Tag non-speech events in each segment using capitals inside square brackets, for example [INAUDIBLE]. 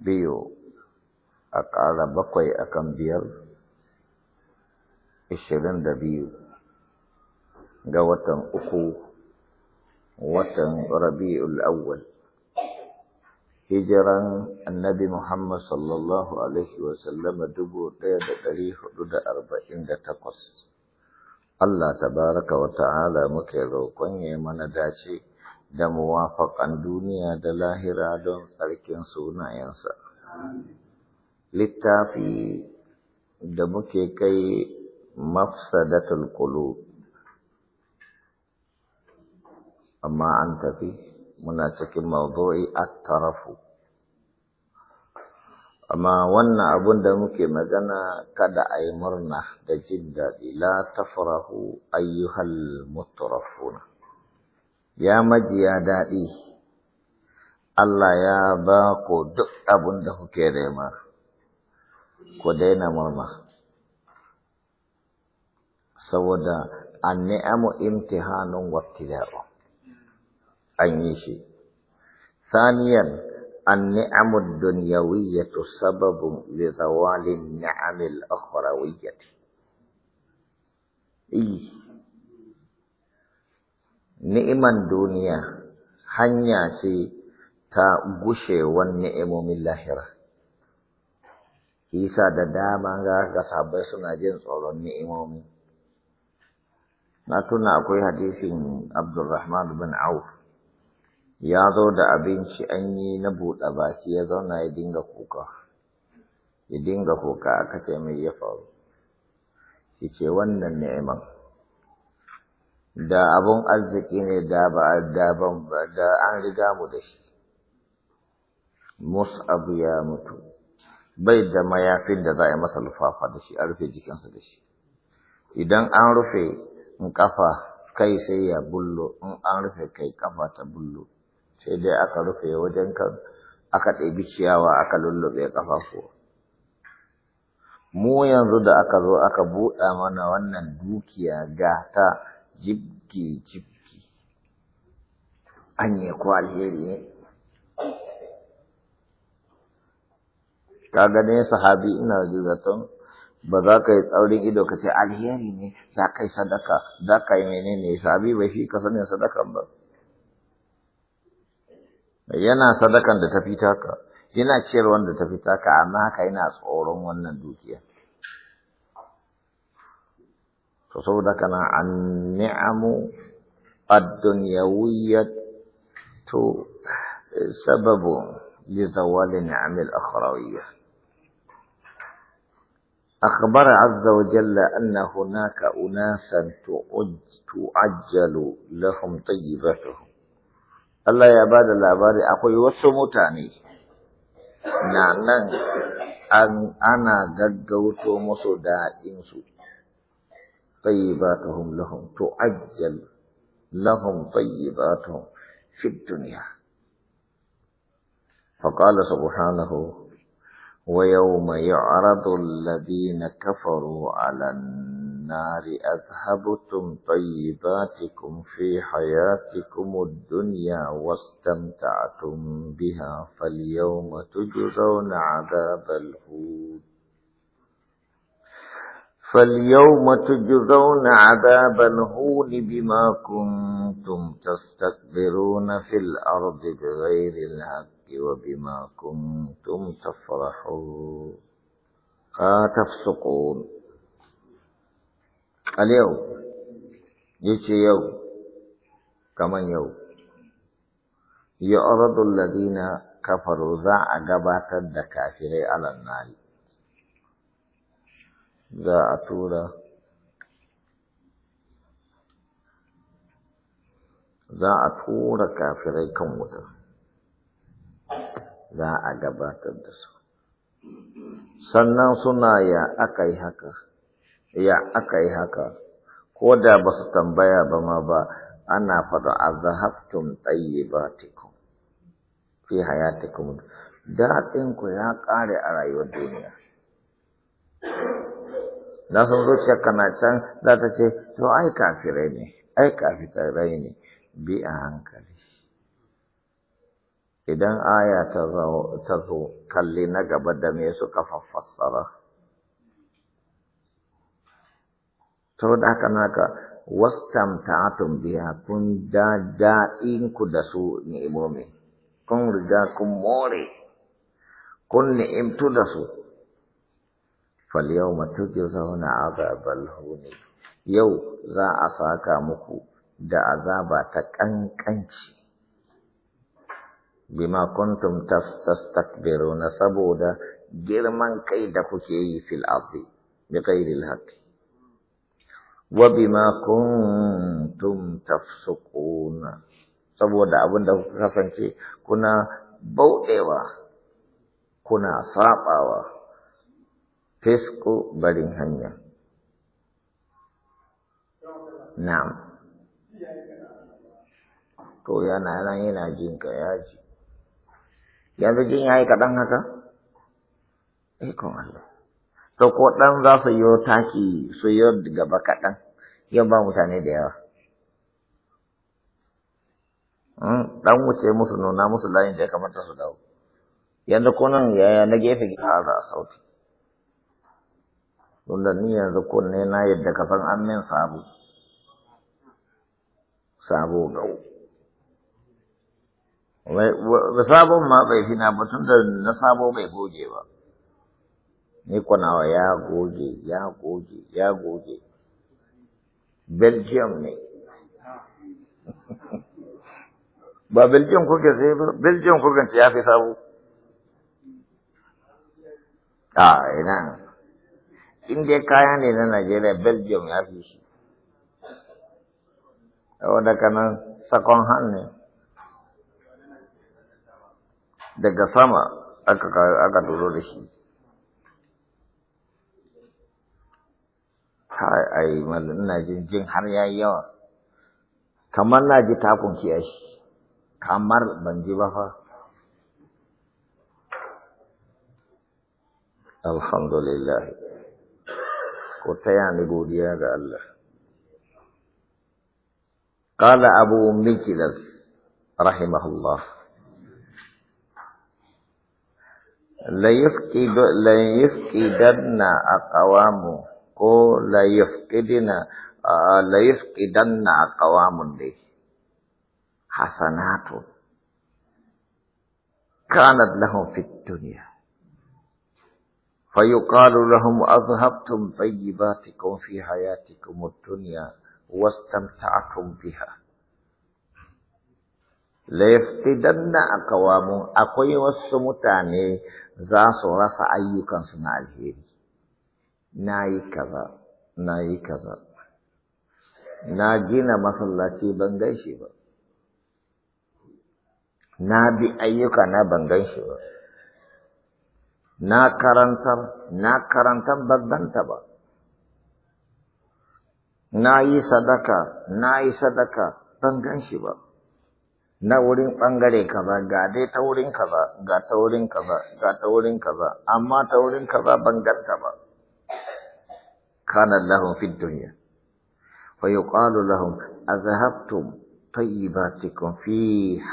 biyu a ƙara bakwai akan biyar ishirin da biyu ga watan uku watan rabi'ul awwal hijiran annabi Muhammad sallallahu alaihi wasallama dubu ɗaya da ɗari hudu da arba'in da takwas Allah tabaraka wa ta'ala muke roƙon ya mana dace da muwafaƙan duniya da lahira don tsarkin sunayensa. Littafi da muke kai mafsadatul qulub amma an tafi muna cikin mawdu'i at-tarafu amma wannan abun da muke magana kada a yi murna da jin daɗi la tafrahu ayyuhal mutarafuna. ya majiya daɗi Allah ya ba ku duk abin da kuke nema ku daina murna saboda an ni'amu imtihanun wattida'u an yi shi saniyan an ni'amu dunyawiyyatu sababun li zawalin ni'amil ukhrawiyyati ni'iman duniya hanya ce ta gushewan ni'imomin lahira. Isa da dama ga suna jin tsoron ni'imomi. Na tuna akwai hadisin Abdulrahman bin Auf. Ya zo da abinci an yi na buɗe baki ya zauna ya dinga kuka. Ya dinga kuka aka ce mai ya faru. Ya ce wannan ni'iman. da abun arziki ne da ba da ban da an riga mu da shi Mus'ab ya mutu bai da mayafin da za a yi masa lufafa da shi a rufe jikinsa da shi idan an rufe in kafa kai sai ya bullo in an rufe kai kafa ta bullo sai dai aka rufe wajen kan aka ɗebi ciyawa aka lullube ko mu yanzu da aka zo aka buɗa mana wannan dukiya ga ta jibge jibge an yi ko alheri ne kaga ne sahabi ina jizaton ba za ka yi tsaurin ido ka ce alheri ne za ka yi sadaka za ka yi menene sahabi bai fi ka sanin sadakan ba yana sadakan da ta fita ka yana ciyarwan da ta fita ka amma haka yana tsoron wannan dukiya فصودا كان النعم الدنيوية سبب لزوال النعم الأخروية أخبر عز وجل أن هناك أناسا تؤجل لهم طيبتهم الله يا بعد الأبار أقول وسموتاني نعم أن أنا قد قوت سوء طيباتهم لهم تعجل لهم طيباتهم في الدنيا فقال سبحانه ويوم يعرض الذين كفروا على النار أذهبتم طيباتكم في حياتكم الدنيا واستمتعتم بها فاليوم تجزون عذاب الهود فاليوم تجزون عذاب الهون بما كنتم تستكبرون في الأرض بغير الحق وبما كنتم تفرحون آه تفسقون اليوم يجي يوم كمان يوم يعرض الذين كفروا ذا أقبات الدكافر على النار za a tura za a tura kafirai kan wuta za a gabatar da su sannan suna ya aka yi haka ya aka yi haka ko da ba su tambaya ba ma ba ana faɗa a ba teku, fi hayatikum daɗinku ya ƙare a rayuwar duniya na san zuciyar kana can za ta ce to ai kafirai ne ai kafirai ne bi a hankali idan aya ta zo kalli na gaba da me suka fassara da haka na naka wastamta'atum biya, kun da da'in ku da su ni'imomi kun riga kun more kun ni'imtu da su falyau matuki zauna a balhuni yau za a saka muku da azaba ta ƙanƙanci bima kuntum tastakbiru na saboda girman kai da kuke yi fil abdi wa bima kuntum tafsukuna saboda abin da kuka kasance kuna baudewa kuna sabawa fisku barin hanya na'am to yana nan yana jin ka ya ji yanzu jin ya yi kaɗan haka ikon Allah to ko ɗan za su yi taki su yi gaba kaɗan yau ba hmm, mutane da yawa ɗan wuce musu nuna musu layin da ya kamata su dawo yanzu ko nan yaya na gefe za a ah, sauti tunda ni yanzu kunne na yadda ka san an min sabo sabo gau sabon ma bai fina ba tunda da na sabo bai goge ba ni kwanawa ya goge ya goge ya goge belgium ne [LAUGHS] ba belgium kuke sai ba belgium kuka ya fi sabo a ah, ina in dai kaya ne na Najeriya Belgium ya fi shi saboda kanan sakon hannu daga sama aka turo da shi ai malin na jin jin har yayi yawa kamar na ji takun shi, kamar ban ji ba fa alhamdulillah تيان غوديا الله قال ابو مكلس رحمه الله لا يفقد لا يفقدنا اقوام كو لا يفقدنا آه، لا يفقدنا اقوام دي حسنات كانت لهم في الدنيا فيقال لهم أذهبتم طيباتكم في حياتكم الدنيا واستمتعتم بها ليفتدن أقوام أقوي والسمتاني ذا صرف أيكا صنع الهيري ناي كذا ناي كذا ناجينا مصلاتي بنغيشي با نابي أيكا نا بنغيشي na karantar na karantar baddanta ba na yi sadaka na yi sadaka ban gan shi ba na wurin ɓangare kaza ga dai ta wurin kaza ga ta wurin kaza ga ta wurin kaza amma ta wurin kaza ban ganta ba kana lahum fid dunya fa yuqalu lahum azhabtum tayyibatikum fi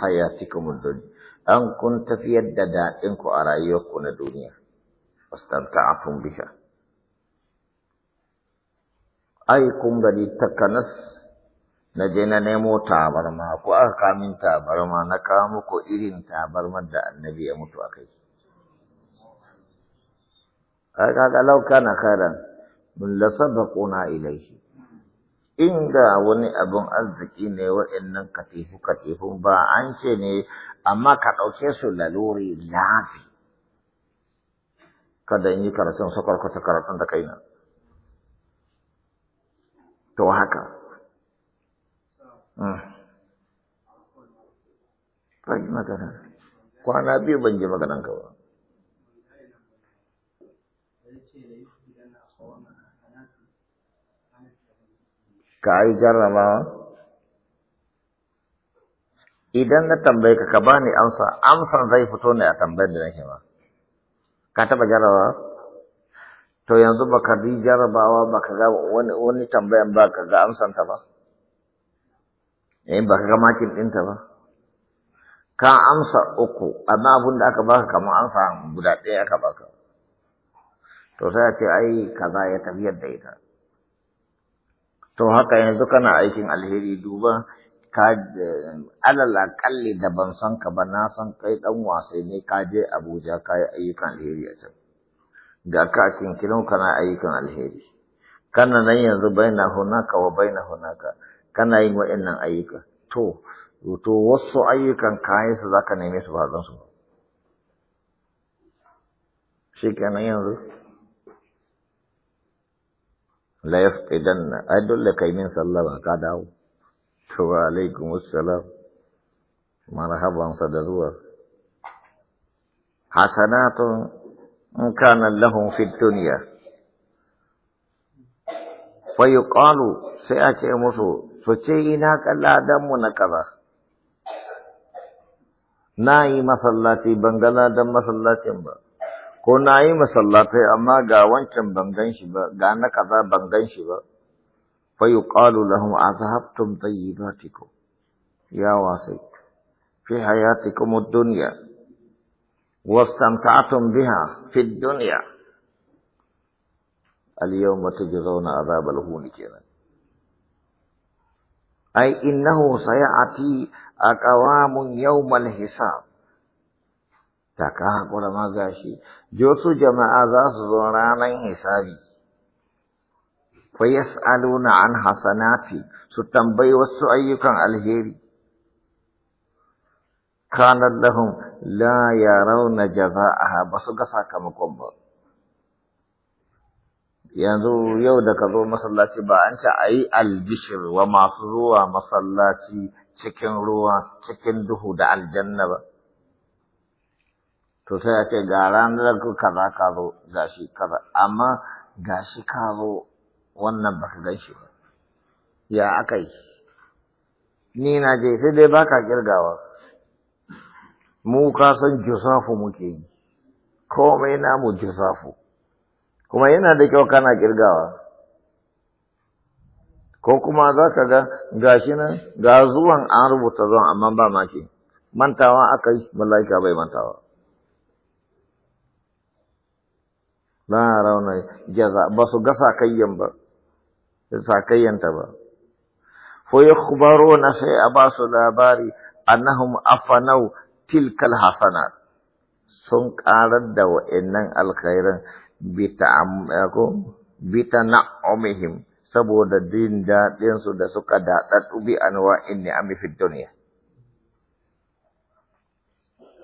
hayatikum ad-dunya an kun tafiyar da daɗinku a rayuwarku na duniya, fastanta'atun bisha. Ai, kun gari takanas na je na nemo tabarma, ko aka kamin tabarma na kawo muku irin tabarmar da annabi ya mutu a kai. Kaga lauka na karan, mun lasabaquna ilaihi. inda wani abin arziki ne waɗannan katifu-katifun ba an ce ne amma ka ɗauke su laluri lafi kada in yi karatun sakwarkwata karatun da kaina to haka Ka hmm. magana, kwana biyu ban ji maganan ka ba. Ka yi jarraba idan na tambaye ka ka bani amsa amsan zai fito ne a tambayar da nake ba ka taba jarabawa to yanzu baka bi jarabawa baka ga wani wani tambayan ba ka ga amsan ta ba eh baka ga makin din ta ba ka amsa uku amma abin da aka baka kamar amsa guda ɗaya aka baka to sai a ce ai kaza ya tafiyar da ita to haka yanzu kana aikin alheri duba ka eh, alal akalli da ban san ka ba na san kai ɗan wasai ne ka je Abuja ka yi ayyukan alheri a can ga ka ka kana ayyukan alheri kana nan yanzu baina hunaka wa baina hunaka kana yin wa'annan ayyuka to to wasu ayyukan kayan su zaka neme su ba su shi yanzu la yafqidanna ai dole kai min sallama ka dawo Wa alaikum Marhaban sa da Hasanatun in kana lahum fid dunya. Fa yuqalu sai a ce musu su ce ina kalladan mu na kaza. Na yi masallaci ban gana ladan masallacin ba. Ko na yi masallatai amma ga wancan ban gan shi ba, ga na kaza ban gan shi ba. فيقال لهم أذهبتم طيباتكم يا واسيت في حياتكم الدنيا واستمتعتم بها في الدنيا اليوم تجدون عذاب الهون كذا أي إنه سيأتي أقوام يوم الحساب تكاها قول ما زاشي جوسو جماعة ذا سزورانا حسابي fayas yas'aluna an hasanati su tambayi wasu ayyukan alheri kanar lahum la rauna jaza'aha ba su ga sakamakon ba yanzu yau da ka zo masallaci ba an ce a yi albishir wa masu zuwa masallaci cikin ruwa cikin duhu da aljanna ba to sai a ce ga ranar kaza ka zo gashi kaza amma gashi ka zo wannan baka gan shi ba ya aka yi ni na je sai dai baka kirgawa mu ka san josafu muke yi komai namu jusafu kuma yana da kyau kana kirgawa ko kuma za ka ga gashi nan ga zuwan an rubuta zuwan amma ba maki mantawa aka yi mallaka bai mantawa la rauna jaza ba su gasa kayyan ba sakayyanta ba fa na sai a ba su labari annahum afanau tilkal hasanat sun karar da wa'annan alkhairan bita na'umihim saboda din daɗinsu da suka daɗaɗu bi inni ami fi dunya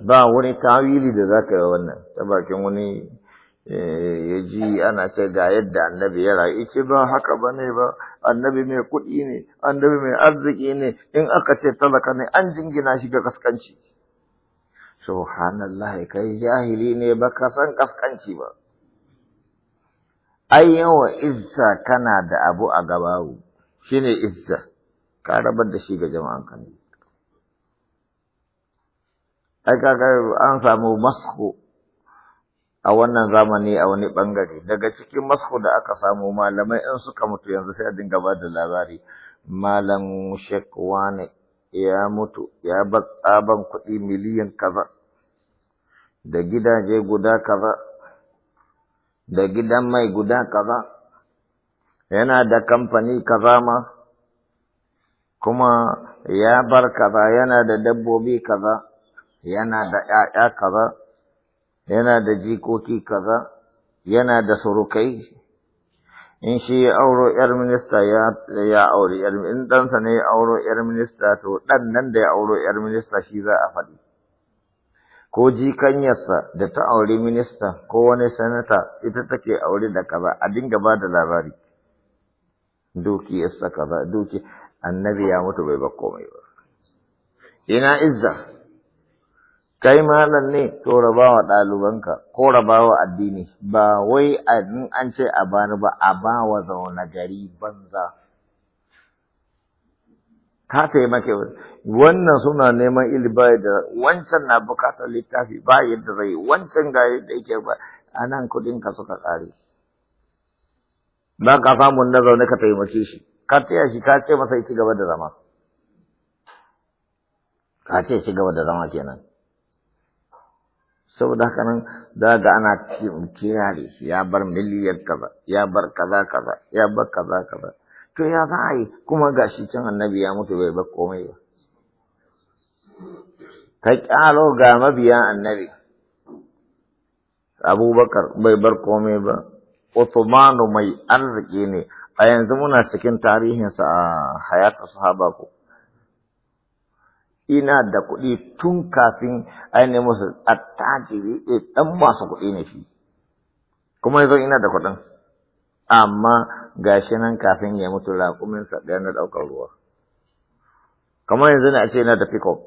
ba wani tawili da zaka yi wannan ta bakin wani Eh, ya ji ana ce ga yadda annabi ya rayu ce ba haka ba ne ba annabi mai kuɗi ne annabi mai arziki ne in aka ce talaka ne an jingina shi ga kaskanci subhanallah kai jahili ne ba ka san kaskanci ba ai yawa izza kana da abu a gabawu shine izza ka rabar da shi ga jama'an kan ai kaga an samu masku a wannan zamani a wani bangare daga cikin masu da aka samu malamai in suka mutu yanzu sai a dinga ba da labari malam shekwane ya mutu ya bar tsaban kuɗi miliyan kaza da gidaje guda kaza da gidan mai guda kaza yana da kamfani kaza ma kuma ya bar kaza yana da dabbobi kaza yana da ƴaƴa kaza yana da jikoki kaza yana da surukai in shi ya auro yar minista ya aure auri yar in ɗansa ne ya auro yar minista to ɗan nan da ya auro yar minista shi za a faɗi ko jikanyarsa da ta auri minista ko wani sanata ita take aure da kaza a dinga ba da labari dukiyarsa kaza doki annabi ya mutu bai ba komai ba ina izza kai malam ne to rabawa ɗalibanka ko rabawa addini ba wai in an ce a bani ba a ba wa zaune gari banza ka taimake wannan suna neman ilimi da wancan na bukatar littafi ba yadda zai wancan ga da yake ba a nan kuɗinka suka ƙare ba ka samun na zaune ka taimake shi ka taya shi ka ce masa ci gaba da zama ka ce ci gaba da zama kenan saboda haka nan za ga ana kirare ya bar miliyar kaza ya bar kaza kaza ya bar kaza kaza to ya za a yi kuma ga shi can annabi ya mutu bai bar komai ba ka kyalo ga mabiya annabi abubakar bai bar komai ba Otomano mai arziki ne a yanzu muna cikin tarihinsa a hayatar sahaba ko ina da kuɗi tun kafin ainihin musu attajiri eh, ɗan masu kuɗi ne shi kuma yanzu ina da kuɗin amma gashi nan kafin ya mutu sa ɗaya na ɗaukar ruwa kamar yanzu na ce ina da pickup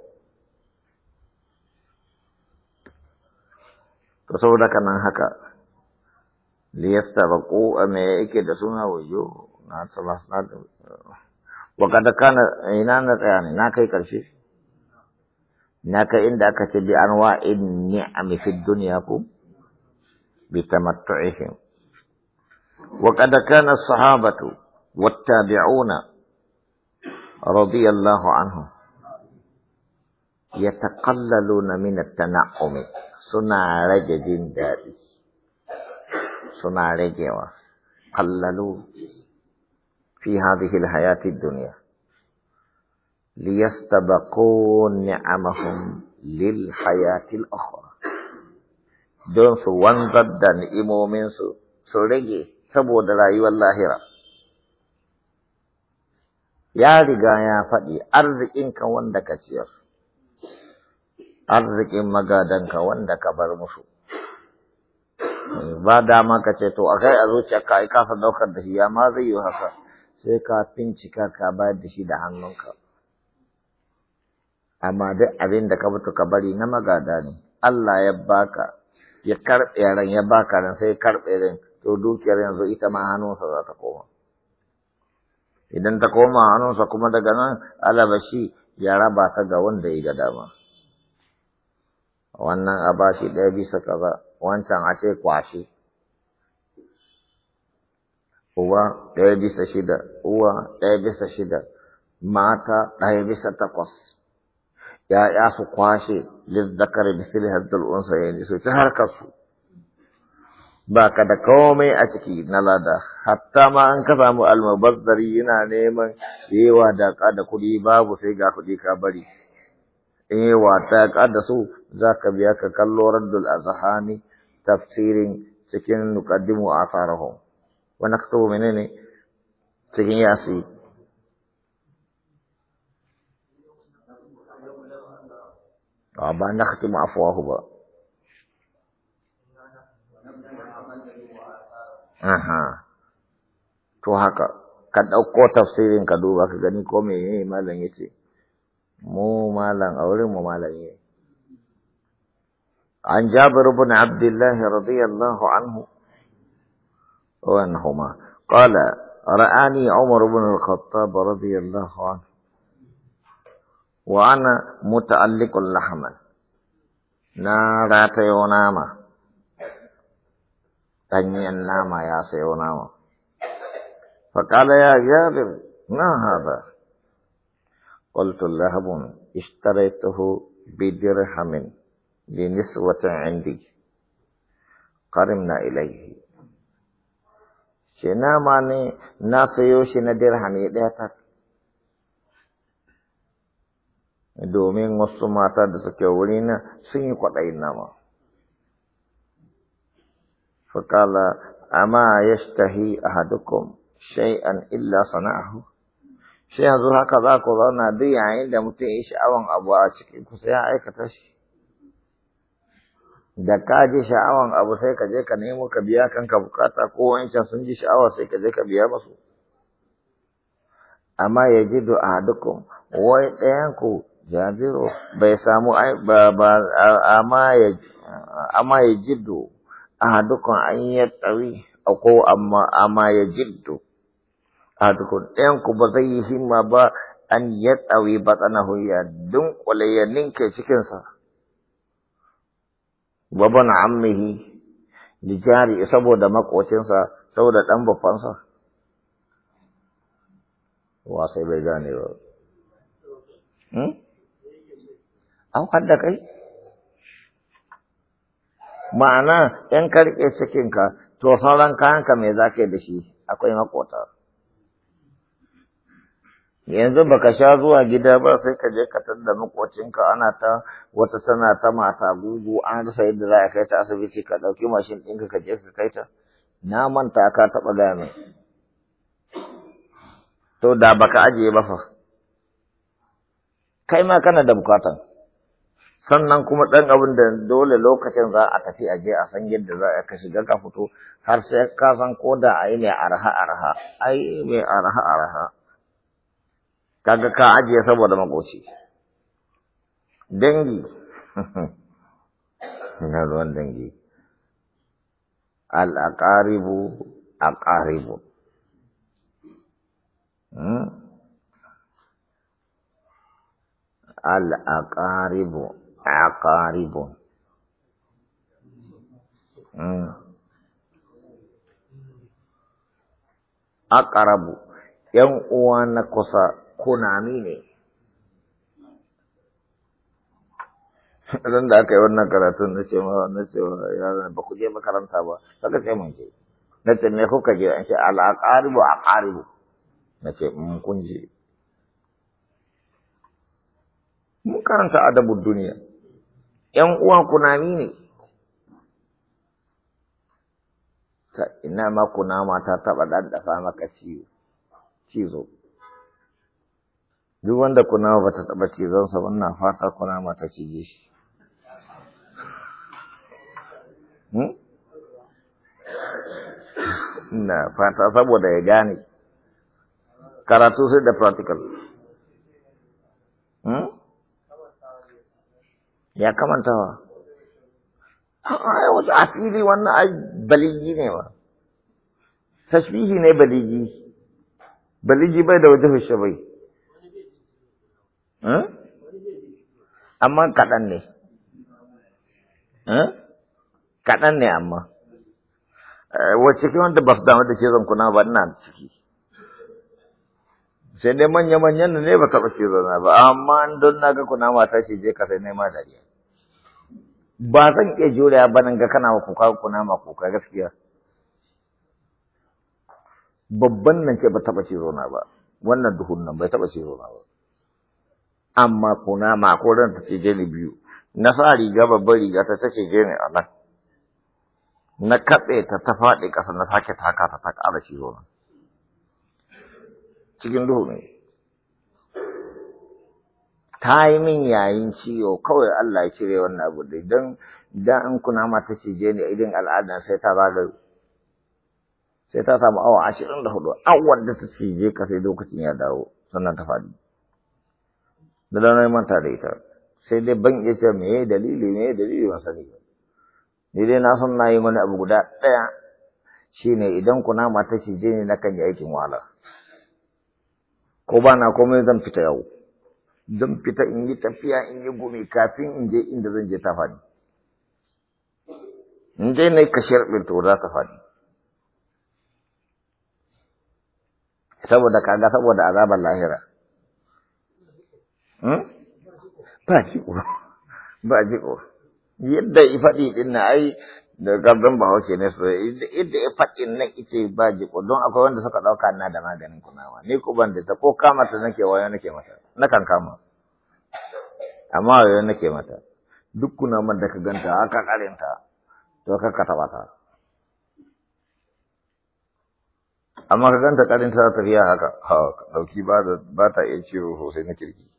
to saboda ka nan haka liyastabaqu eh, me yake da suna wajo na salas na da eh, kada kana ina na tsaya ne na kai karshe naka inda aka ce bi anwa'in ni'ami fi dunya ku bi tamattu'ihim wa qad kana as-sahabatu wat-tabi'una radiyallahu anhum yataqallaluna min at-tana'umi suna rage jin daɗi suna ragewa qallalu fi hadhihi al-hayati ad-dunya liyastabaqun ni'amahum lil hayatil ukhra don su wanzar da ni'imominsu su rage saboda rayuwar lahira ya riga ya faɗi arzikinka wanda ka ciyar arzikin magadanka wanda ka bar musu ba dama ka ce to a kai a zuciyarka ai kasa daukar da shi ya ma zai yi haka sai ka fincika ka bayar da shi da hannunka amma duk abin da ka mutu ka bari na magada ne Allah ya baka ya karɓe ran ya baka ran sai karɓe ran to dukiyar yanzu ita ma hannunsa za ta koma idan ta koma hannunsa kuma daga nan alabashi ya raba ta ga wanda ya ga dama wannan a bashi ɗaya bisa kaza wancan a ce kwashe uwa ɗaya bisa shida uwa ɗaya bisa shida mata ɗaya bisa takwas ya'ya su kwashe lizzakar misali hazzal unsa yayin su ta harkar su ba ka da komai a ciki na lada hatta ma an ka samu almubazzari yana neman yawa da ka da kuɗi babu sai ga kuɗi ka bari in yawa ta ka da su za ka biya ka kallo raddul azhani tafsirin cikin nuqaddimu Wani wa naktubu menene cikin yasi طبعا آه، نختم افواه بقى اها تو هكا كان اوكو تفسيرين كدو بقى كاني كومي ايه مالن يتي مو مالن اولي مو مالن يتي عن جابر بن عبد الله رضي الله عنه وانهما قال رآني عمر بن الخطاب رضي الله عنه وأنا متألق اللحم نا ratayo nama تنيا ناما يا sayo nama فقال يا جابر ما هذا قلت لهب اشتريته بدرهم لنسوة عندي قرمنا إليه شنا شناماني ناسيوشي درهم يدهتك domin wasu mata da suke wuri na sun yi kwaɗayin nama. Fakala, amma ya hi a shay'an illa sana'ahu. Shi yanzu haka za ku zauna duk yayin da mutum ya sha'awan abu a ciki ku sai ya aikata shi. Da ka ji sha'awan abu sai ka je ka nemo ka biya kanka bukata ko can sun ji sha'awa sai ka je ka biya masu. Amma ya ji du'a dukkan wai ɗayanku jabiru oh, bai samu amma ya jiddu ya jiddu ahadukum an yattawi ko amma amma ya jiddu ahadukum ɗayan ku ba zai yi himma ba an yi yattawi batsanahu ya dunkule ya ninke cikinsa wa bana ammihi li jari saboda makocinsa saboda dan babbansa wa bai gane ba hmm? an kwanda kai ma'ana 'yan ka cikinka to sauran kayanka mai za da shi akwai makota yanzu baka sha zuwa gida ba sai ka je ka tadda makocinka ana ta wata tana ta mata gugu an rasa yadda za a kai ta asibiti ka ɗauki mashin ɗinka ka je ka kai ta na manta ka taɓa gane. to da baka ajiye ba fa kai ma kana da bukatan sannan kuma ɗan abin da dole lokacin za a tafi a je a san yadda za a ka shiga ka fito har sai ka san ko da a yi mai araha arha ai mai araha arha kaga ka ajiye saboda makoci dangi [LAUGHS] na ruwan dangi al'aƙaribu aqaribu hmm? al'aƙaribu Hmm. uwa na kusa نقص ne? idan [LAUGHS] da aka yi wannan karatun na ce na ce yaran ba ku je makaranta ba saka ce mun je na ce me kuka je an ce al aqaribu aqaribu na ce mun mm, kun je mun karanta adabud duniya ‘yan uwan kunami ne. Ta ina ma kunama ta taɓa ɗanɗasa maka ciwo, cizo. Duk wanda kunama ba ta taɓa cizon sa wannan fata kunama ta cije shi. Hmm? na fata saboda ya gane. Karatu sai da practical. Hmm? ya kamanta wa wasu asiri wannan ai baligi ne ba tashbihi ne baligi baligi bai da wata hushe bai hm? amma kaɗan ne hm? kaɗan ne amma eh, wacce kai wanda ba su damu da cizon kuna ba ina ciki sai dai manya-manyan ne ba taɓa cizon ba amma don na ga kuna mata ce je ka sai nema dariya ba zan iya jure ba nan ga kana wa kuka kuna ma kuka gaskiya babban nan ce ba taba ci zona ba wannan duhun nan bai taba ci zona ba amma kuna ma ko ran ta ce jeni biyu na sa riga babban riga ta ce jeni a nan na kaɓe ta ta faɗi ƙasa na sake taka ta ta ƙara shi zona cikin duhu ne ta yi min yayin ciwo kawai Allah ya cire wannan abu dai idan idan in kuna mata je ne idan al'adan sai ta zagayo sai ta samu awa ashirin da hudu awan da ta je ka sai lokacin ya dawo sannan ta faɗi da ranar manta da ita sai dai ban iya ce me dalili me dalili ban sani ba ni dai na san na yi wani abu guda ɗaya shine idan kuna mata je ne na kan yi aikin wahala ko ba na komai zan fita yau don fita in yi tafiya in yi gumi kafin in je inda zan je ta faɗi. In dai na yi kashiyar to za ta faɗi. Saboda kaga saboda azabar lahira. Hmm? Ba ji ba ji Yadda ifaɗi faɗi ɗin na ai da ba bahaushe ne su inda ya faɗin nan ice ba jiko don akwai wanda suka ɗauka na da maganin kunawa ni ku ban da ta ko kama ta nake wayo nake mata na kan kama amma wayo nake mata duk kunaman da ka ganta aka karinta to ka ka taɓa ta amma ka ganta karinta ta tafiya haka ha dauki ba ta iya ciwo sosai na kirki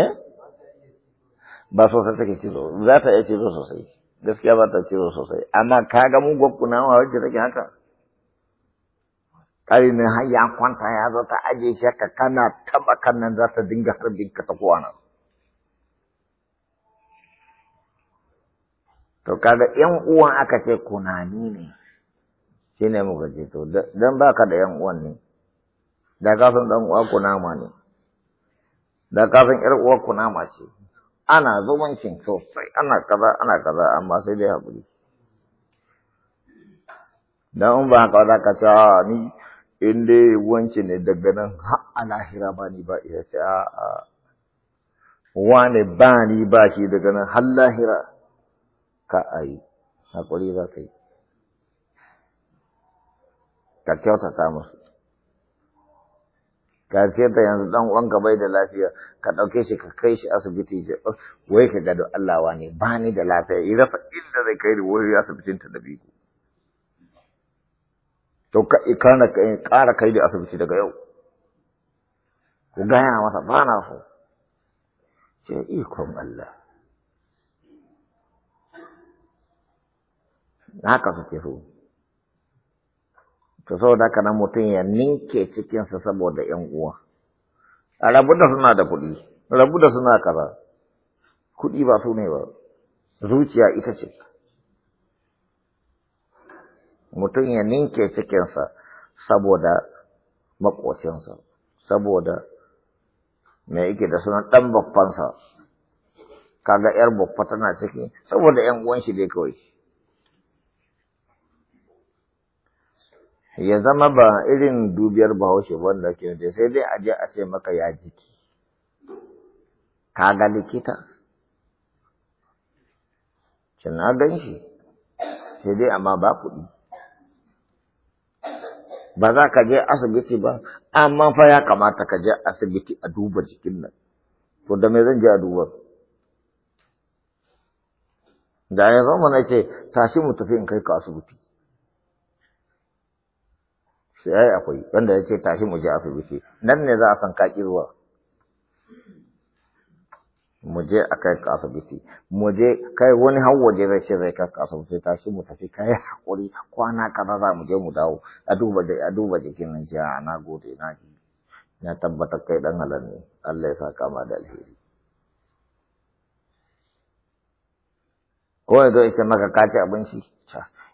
eh ba sosai take ciro za ta iya zo sosai gaskiya ba ta zo sosai amma ka ga mu wa wacce take haka ƙari ne har ya kwanta ya zo ta aje shi haka kana taba kan nan za ta dinga harbin ka ta kowa to kaga yan uwa aka ce kunani ne shine muka ce to dan baka da yan uwan ne da ka san dan uwa kunama ne da kafin yar uwar ku nama ce ana zumuncin sosai ana kaza ana kaza amma sai dai hakuri da in ba haka za ka ce ni in dai wance ne daga nan ha a lahira ba ni ba iya ce a'a wane ba ni ba shi daga nan har lahira ka a yi haƙuri za ka yi ka kyauta ta musu ce ta yanzu dan ka bai da lafiya ka dauke shi ka kai shi asibiti wai ka gado Allah wani ba ni da lafiya idan fa inda zai kai ni wai asibitin ta dabi ku to ka ikana ka kara kai da asibiti daga yau ku gaya masa ba na so ce ikon Allah na ka suke so to saboda haka nan mutum ya ninke cikinsa saboda ‘yan uwa. A rabu da suna da kuɗi, rabu da suna kaza, kuɗi ba su ne ba, zuciya ita ce. Mutum ya ninke cikinsa saboda maƙocinsa, saboda mai yake da suna ɗan babbansa, kaga ‘yar babba tana ciki, saboda ‘yan uwan shi dai kawai. ya zama ba irin dubiyar bahaushe wanda ke da sai dai a je a ce maka ya jiki ka ga likita ce na gan shi sai dai amma ba kuɗi ba za ka je asibiti ba amma fa ya kamata ka je asibiti a duba jikin nan to da me zan je a duba da ya zama na ce tashi mu tafi in kai ka asibiti sai ai akwai wanda ya ce tashi mu je asibiti nan ne za a san ka kirwa mu je a kai ka asibiti mu kai wani har waje zai ce zai kai ka asibiti tashi mu tafi kai hakuri kwana kaza za mu je mu dawo a duba a duba jikin nan jiya na gode na ji na tabbatar kai dan halar ne Allah ya saka ma da alheri ko ya ce maka kace abinci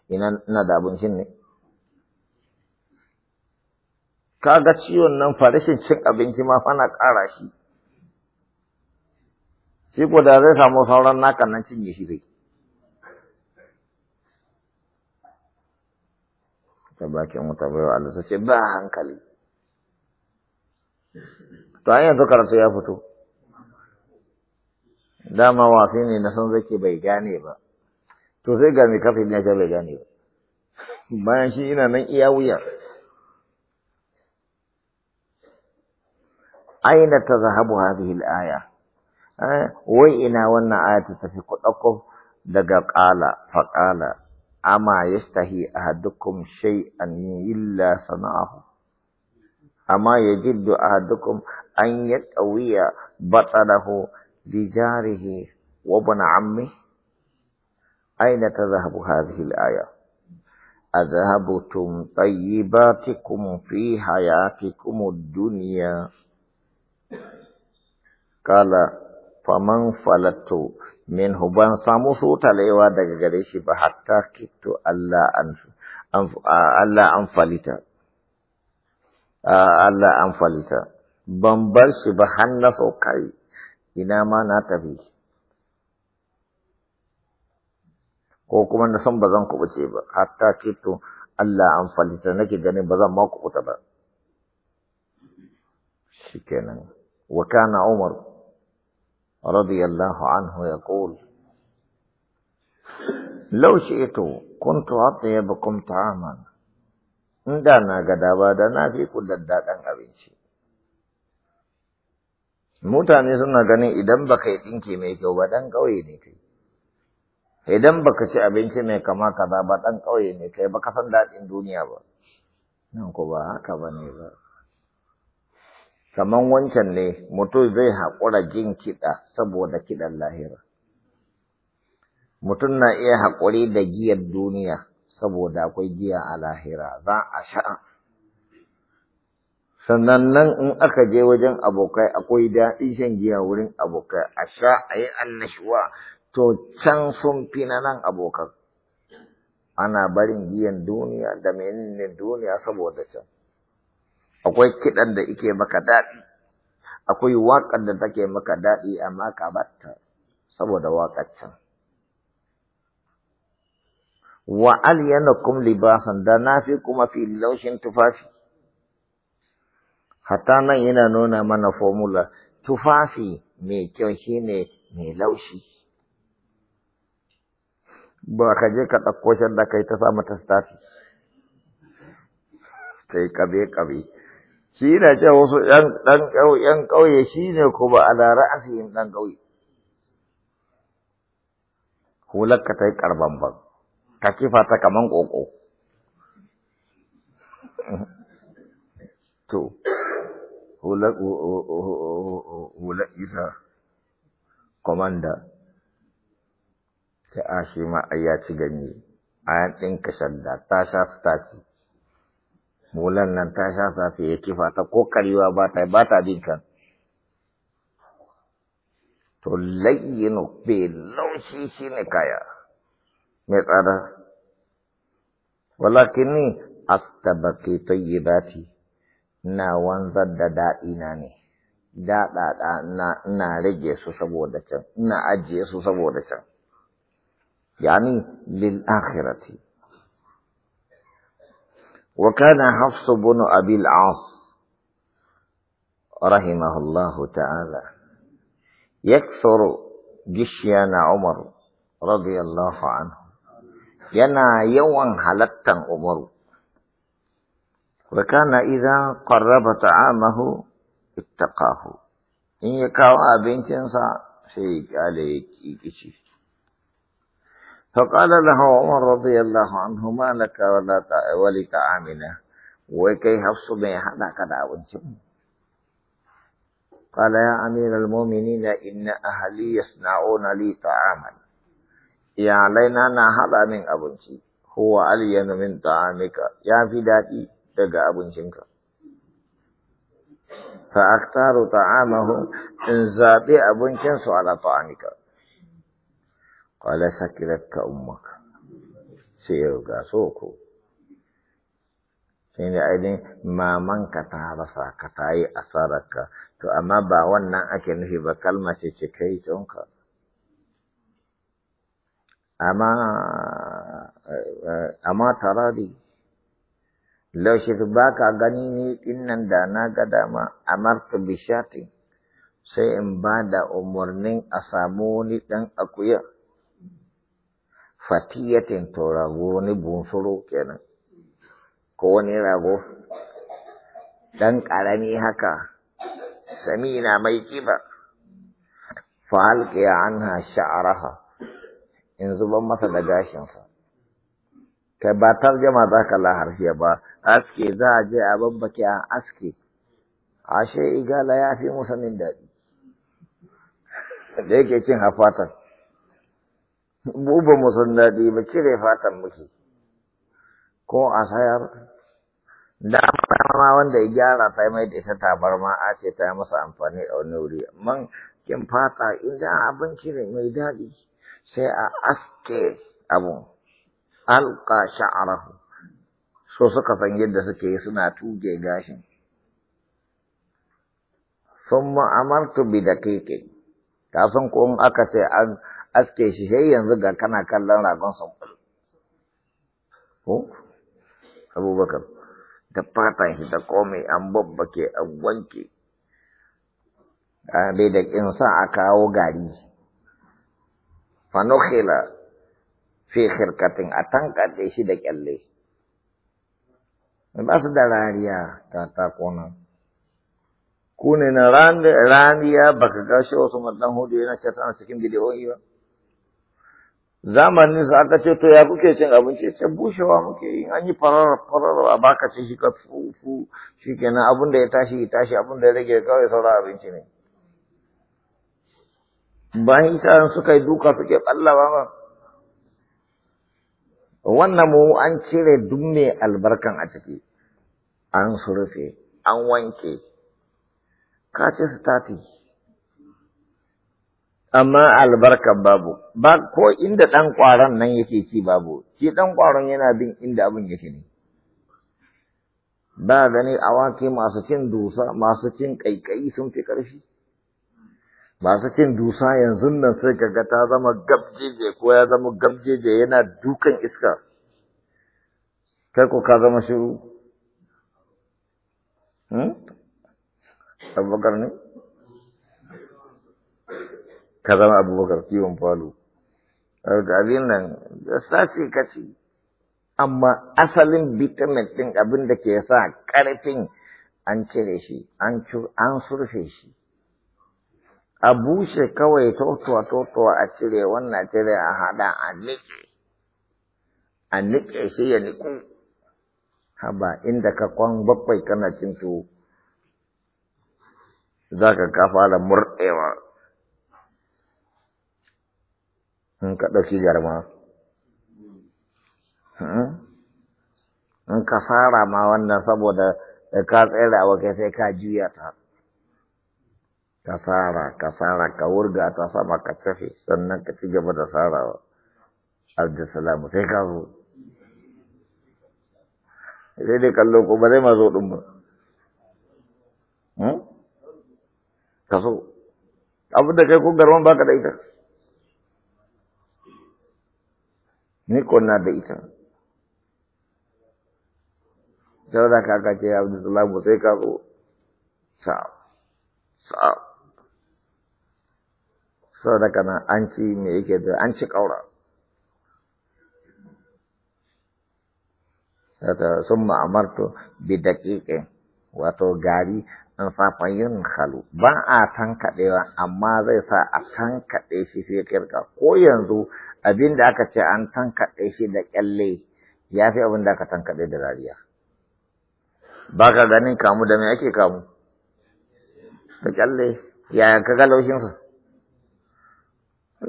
ina ina da abincin ne ka ga ciwon nan fa rashin cin abinci ma fana ƙara shi shi ko da zai samu sauran naka nan cinye shi zai ta bakin wuta bai wa Allah ce ba hankali to an yanzu karatu ya fito dama wasi ne na san zake bai gane ba to sai ga mai kafin ya bai gane ba bayan shi ina nan iya wuya أين تذهب هذه الآية أه؟ وإنا وأن آية تفق لكم دقا قال فقال أما يشتهي أحدكم شيئا إلا صنعه أما يجد أحدكم أن يتوي بطنه لجاره وابن عمه أين تذهب هذه الآية أذهبتم طيباتكم في حياتكم الدنيا Kala, faman falatu min huban samu talewa daga gare shi ba hatta kitu Allah an Allah an falita. Allah an falita. Ban bar shi ba har na kai, ina ma na tafi. Ko kuma na san ba zan kubuce ba, hatta kitu Allah an falita nake ganin ba zan ma kubuta ba. Shikenan. وكان عمر رضي الله عنه يقول لو شئت كنت أطيبكم طعاما عندنا قدابا دانا في كل الدادان أبنشي mutane suna ganin idan baka yi ɗinki mai kyau ba ɗan ƙauye ne kai idan baka ci abinci mai kama kaza ba ɗan ƙauye ne kai baka san daɗin duniya ba nan ko ba haka ba ba kaman wancan ne mutum zai haƙura jin kiɗa saboda kiɗan lahira mutum na iya haƙuri da giyar duniya saboda akwai giya a lahira za a sha sannan nan in aka je wajen abokai akwai daɗin shan giya wurin abokai a sha a yi annashuwa to can sun fi na nan abokan ana barin giyan duniya da menene duniya saboda can akwai kiɗan da ike maka daɗi akwai waƙar da take maka daɗi amma ka batta saboda waƙar wa alyanakum libasan da nafi kuma fi laushin tufafi hatta nan yana nuna mana formula tufafi mai kyau shine mai laushi ba ka je ka ɗauko shan da kai ta sa mata stati ta yi ƙabe-ƙabe shi yana cewa wasu ɗan ƙauye shi ne kuma a lara asihin ɗan ƙauye. ka ta yi ƙarbamban, ka kifa ta kaman ƙoƙo. To, hular isa, komanda, ta ashe ma ai ya ci ganye, a yankin kashar da ta sha fita ce. mulan nan ta sha safe ya kifa ta ko karewa ba ta ba ta bin kan to layyinu be laushi shi ne kaya mai tsada walakinni astabaki tayyibati na wanzar da daɗi na ne daɗaɗa na rage su saboda can ina ajiye su saboda can yani lil akhirati وكان حفص بن أبي العاص رحمه الله تعالى يكثر جشيان عمر رضي الله عنه ينا يوان حلتا عمر وكان إذا قرب طعامه اتقاه إن يكاو عليك إيكي يكيشي فقال له عمر رضي الله عنه ما لك ولا ولك آمنة وكي حفص ما هذا كذا وجهه قال يا أمير المؤمنين إن أهلي يصنعون لي طعاما يا علينا هذا من أبنتي هو ألين من طعامك يا فداتي دقى أبنتك فأختار طعامه إن زابي أبنتك على طعامك Kwale sakirar ka sai ga so ku. Sai mamanka ta rasa ka ta yi asararka, to amma ba wannan ake nufi ba kalma ce ce kai tonka. Amma tarari, laushe ka gani ni dinnan da na ga dama, amartu bishati, sai in ba da umarnin a samu wani ɗan akuya. fatiyatin to rago ni bunsuru kenan ko wani rago Dan ƙarami haka samina mai ƙiba fa halqiya anha sha'raha in zuba masa da gashinsa kai ba tarjama za ka la ba aske za a je a babbake a aski. ashe igala ya fi musamman daɗi da yake cin hafatar mu ba daɗi ba cire fatan muke ko a sayar da ma wanda ya gyara ta mai da ita tabarma a ce ta masa amfani a wani wuri man kin fata idan abinci cire mai daɗi sai a aske abu alƙa sha'arahu so suka san yadda suke yi suna tuge gashin sun ma'amartu bi da keke ta san ko aka ce an aske shi sai yanzu ga kana kallon ragon sabbal ko abubakar da fatan shi da komai an babbake an wanke bai da ƙinsa a kawo gari fanokila fi hirkatin a tankaɗe shi da ƙyalle ba su da rariya ta takona ku ne na rariya baka gashi wasu madan hudu yana ce tana cikin bidiyoyi ba zamanin sa aka ce to ya kuke cin abinci ce bushewa muke yi an yi farar farar a baka ce shi ka fufu shi kenan abin da ya tashi ya tashi abin da ya rage kawai sauran abinci ne bayan isa suka yi duka suke tsallawa ba wannan mu an cire duk mai albarkan a ciki an surfe an wanke ka ce su tafi amma albarkar babu ba ko inda ɗan ƙwaron nan yake ci babu shi ɗan ƙwaron yana bin inda abin yake ne ba gani awaki masu cin dusa masu cin ƙaiƙayi sun fi ƙarfi masu cin dusa yanzu nan sai kaga ta zama gabjeje ko ya zama gabjeje yana dukan iska kai ko ka zama shiru hmm? abubakar ne ka zama abubakar kiwon falo abin nan sace kaci amma asalin bitamin ɗin abin da ke sa ƙarfin an cire shi an surfe shi a bushe kawai totuwa totuwa a cire wannan cire a haɗa a niƙe a niƙe shi ya niku. haba inda ka kwan bakwai kana cin tuwo za ka ka fara murɗewa in ka ɗauki garma in hmm? ka fara ma wannan saboda ka tsere a kai sai ka juya ta ka sara ka sara ka wurga ta sama ka tafi sannan ka ci gaba da sarawa salamu sai ka zo sai dai kallo ko ba zai ma zo ɗin ba hmm? ka so abin da kai ko garman baka da ita ni na da ita sau da kaka ce ya mu sai ka zo sa sa sau da kana an ci me yake da an ci kaura sun bi daƙiƙe wato gari safa yin halu ba a tankaɗewa amma zai sa a tankaɗe shi sai kirka ko yanzu abin da aka ce an tankaɗe shi da kyalle ya fi abin da aka tankaɗe da rariya ba ka ganin kamu da mai ake kamu da kyalle yaya ka ga laushinsa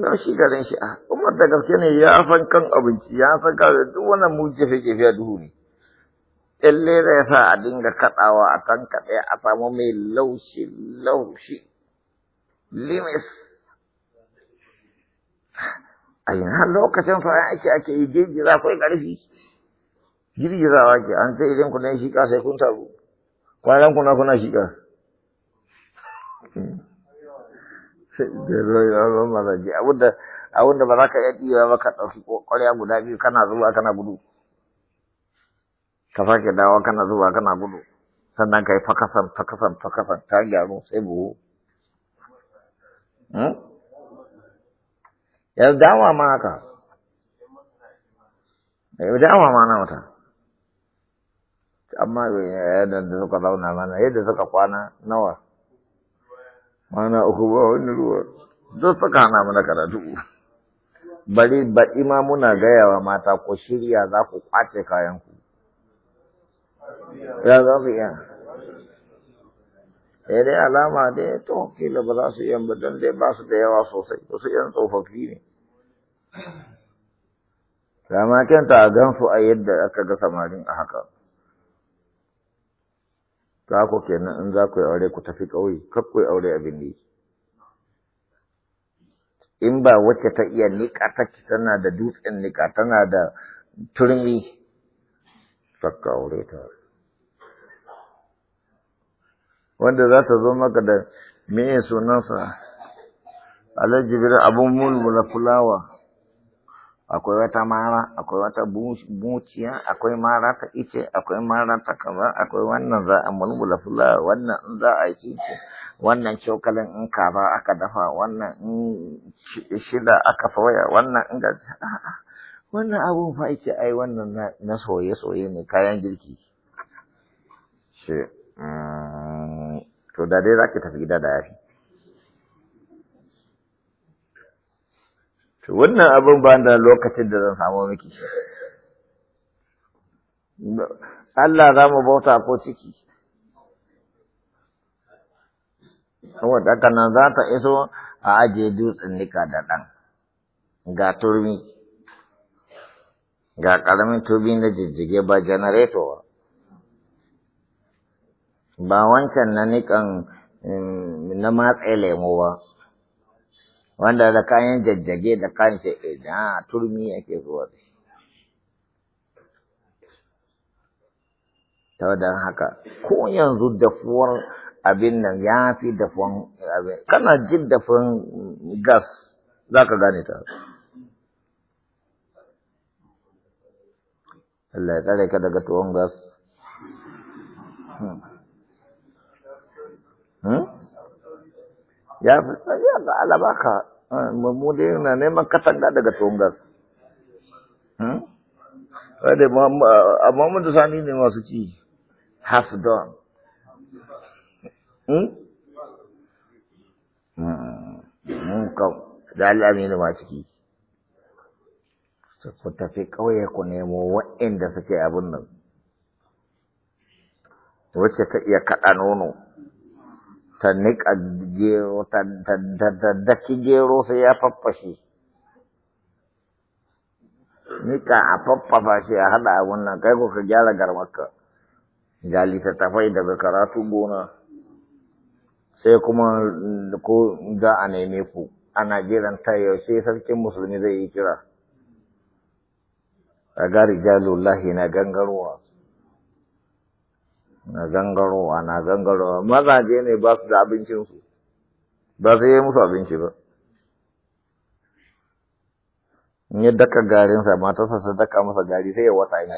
laushi garin shi a ah, umar da gaske ne ya san kan abinci ya san kawai duk wannan mu jefe jefe a duhu ne Kyalle ya sa a dinga kaɗawa a kan kaɗe a samu mai laushi laushi. Limis. A yin har lokacin fara ake ake yi girgiza kai ƙarfi. Girgizawa ke an sai idan kuna shiƙa sai kun taru. Kwanan kuna kuna shiƙa. Abunda ba za ka iya ɗiwa ba ka ɗauki ƙwarya guda biyu kana zuwa kana gudu. ka sake dawa kana zuwa kana gudu sannan ka yi fakasan fakasan fakasan ta gyaru sai buhu hmm? ya dawa ma haka ya dawa ma na wata amma yadda da suka zauna mana yadda suka kwana nawa mana uku ba wani ruwa zai suka hana mana karatu bari ba imamuna muna wa mata ko shirya za ku kwace kayanku ya za su iya alama dai to kila ba za su iya ba don ba su da yawa sosai wasu yan tsofaffi ne kama kyanta gan su a yadda aka ga samarin a haka za ku kenan in za ku yi aure ku tafi ƙauye kar ku yi aure abin da in ba wacce ta iya niƙa take tana da dutsen niƙa tana da turmi sakka aure ta wanda za ta zo maka da mee sunansa alhaji bir abun mulmula fulawa akwai wata mara akwai wata buciya akwai mara ta ice akwai mara ta kaza akwai wannan za a mulmula fulawa wannan in za a yi wannan cokalin in kaza aka dafa wannan in shida aka fawaya wannan in ga wannan abun fa ice ai wannan na soye-soye ne kayan girki shi mm. to da dai za ki tafi gida da yafi to wannan abin ba da lokacin da zan samu miki Allah za mu bauta ko ciki saboda haka nan za ta iso a ajiye dutsen nika da ɗan ga turmi ga ƙaramin turmi na jijjige ba janareto ba wancan na nikan na matse lemo ba wanda da kayan jajjage da kayan ce eh, da turmi yake zuwa da shi ta da haka ko yanzu dafuwar abin nan ya fi dafuwan abin kana jin dafuwan gas za ka gane ta Allah ya tsare ka daga tuwon gas. Hmm. ya fi ya ga alaba ka na neman katanga daga tongas hmm? wadda muhammadu sani ne masu ci has done hmm? hmm, mun kawo da al'amini masu ci ku tafi ƙauye ku nemo waɗanda suke abin nan wacce ta iya kaɗa nono ta niƙa gero ta daki gero sai ya faffashe niƙa a faffafa shi a hada a wannan kai ko ka gyara garmarka ta tafai daga karatu gona sai kuma ko za a neme ku a najeran ta yaushe sarkin musulmi zai yi kira a ga rijalullahi na gangarwa na gangarowa na gangarowa mazaje ne ba su da abincinsu ba su yi musu abinci ba in yi daka garinsa matarsa ta daka masa gari sai ya wata yana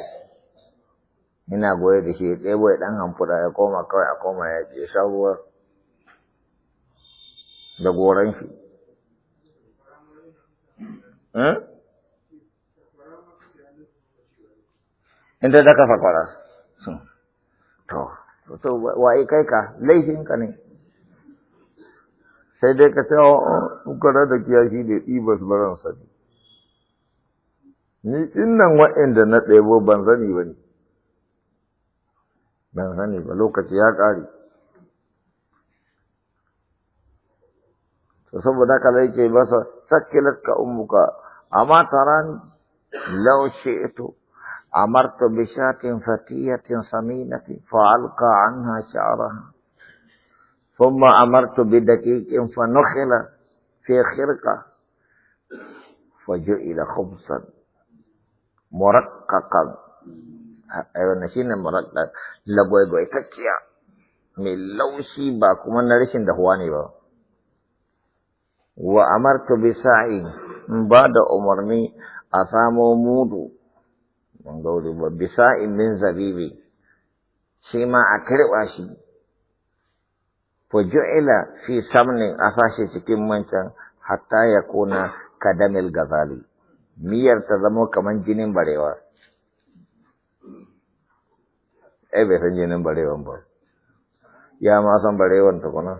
ina goye da shi ya ɗebo ya ɗan hamfura ya koma kawai a koma ya ce sha da goron shi hmm? in ta daka sakwara to to waye kai ka laifin ka ne sai dai ka ce ukara oh, oh, da kiyashi da ibas baran sani ni innan wa'inda na ɗebo ban sani ba ne ban sani ba lokaci ya ƙare to saboda ka zai ce masa sakilaka ka ummuka amma tarani law shi'tu امرت بشاة فتية صميمة فألقى عنها شعرها ثم أمرت بدقيق فنخل في خرقة فجعل خبزا مرققا أيوة، نشين مرقق لغوي غوي تكيا من لوشي با كما نرشن دهواني با وأمرت بساعي بعد أمرني أسامو مودو mun gauri ba bisa imin zabibi shi ma a karɓa shi fuju'ila fi samnin a fashi cikin mancan hatta ya kona kadamil gazali miyar ta zamo kaman jinin barewa eh bai san jinin barewan ba ya ma san barewan ta kuna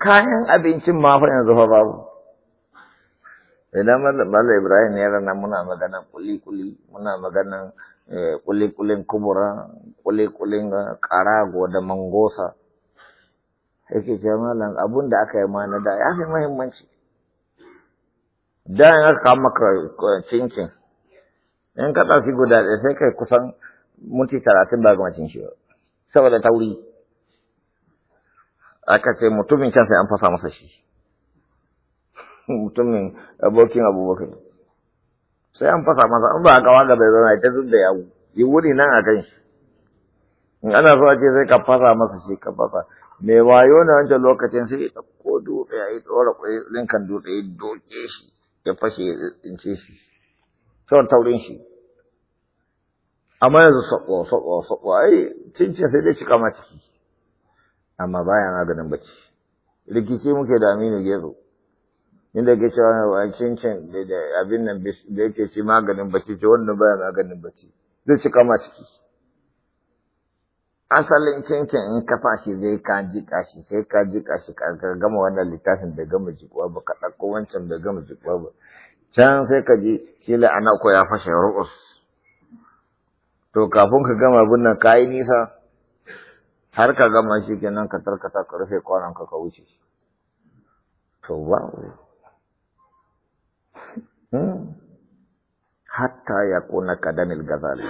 kayan abincin ma fa yanzu fa babu idan Malam Ibrahim ya rana muna magana kuli-kuli, muna magana eh, kuli-kulin kubura, kuli-kulin eh, karago da mangosa. Yake ce malam abun da aka yi mana da ya fi muhimmanci. Dan ya kama maka eh, cincin, in ka ɗauki guda ɗaya sai kai kusan minti talatin ba gama cinci ba, saboda tauri. Aka ce mutumin can sai an fasa masa shi. mutumin abokin abubakar sai an fasa masa an ba a kawa ga bai zana ta duk da yawo yi wuri nan a kan shi in ana so a ce sai ka fasa masa shi ka fasa mai wayo na wancan lokacin sai ya ɗauko dutse ya yi tsora linkan dutse ya doke shi ya fashe ya tsince shi sau taurin shi amma yanzu sako sako sako ai cincin sai dai cika ma ciki amma baya maganin bacci rikici muke da aminu gezo inda ke cewa a cincin da abin nan da yake ci maganin bacci ce wannan baya maganin bacci zai ci kama ciki asalin cincin in kafa fashi zai ka jika shi sai ka jika shi ka gama wannan littafin bai gama jikuwa ba ka ɗauko wancan bai gama jikuwa ba can sai ka ji shi ana ko ya fashe ruɓus. to kafin ka gama abin nan ka yi nisa har ka gama shi kenan ka tarkata ka rufe kwanan ka ka wuce to ba حتى يكون كدم الغزال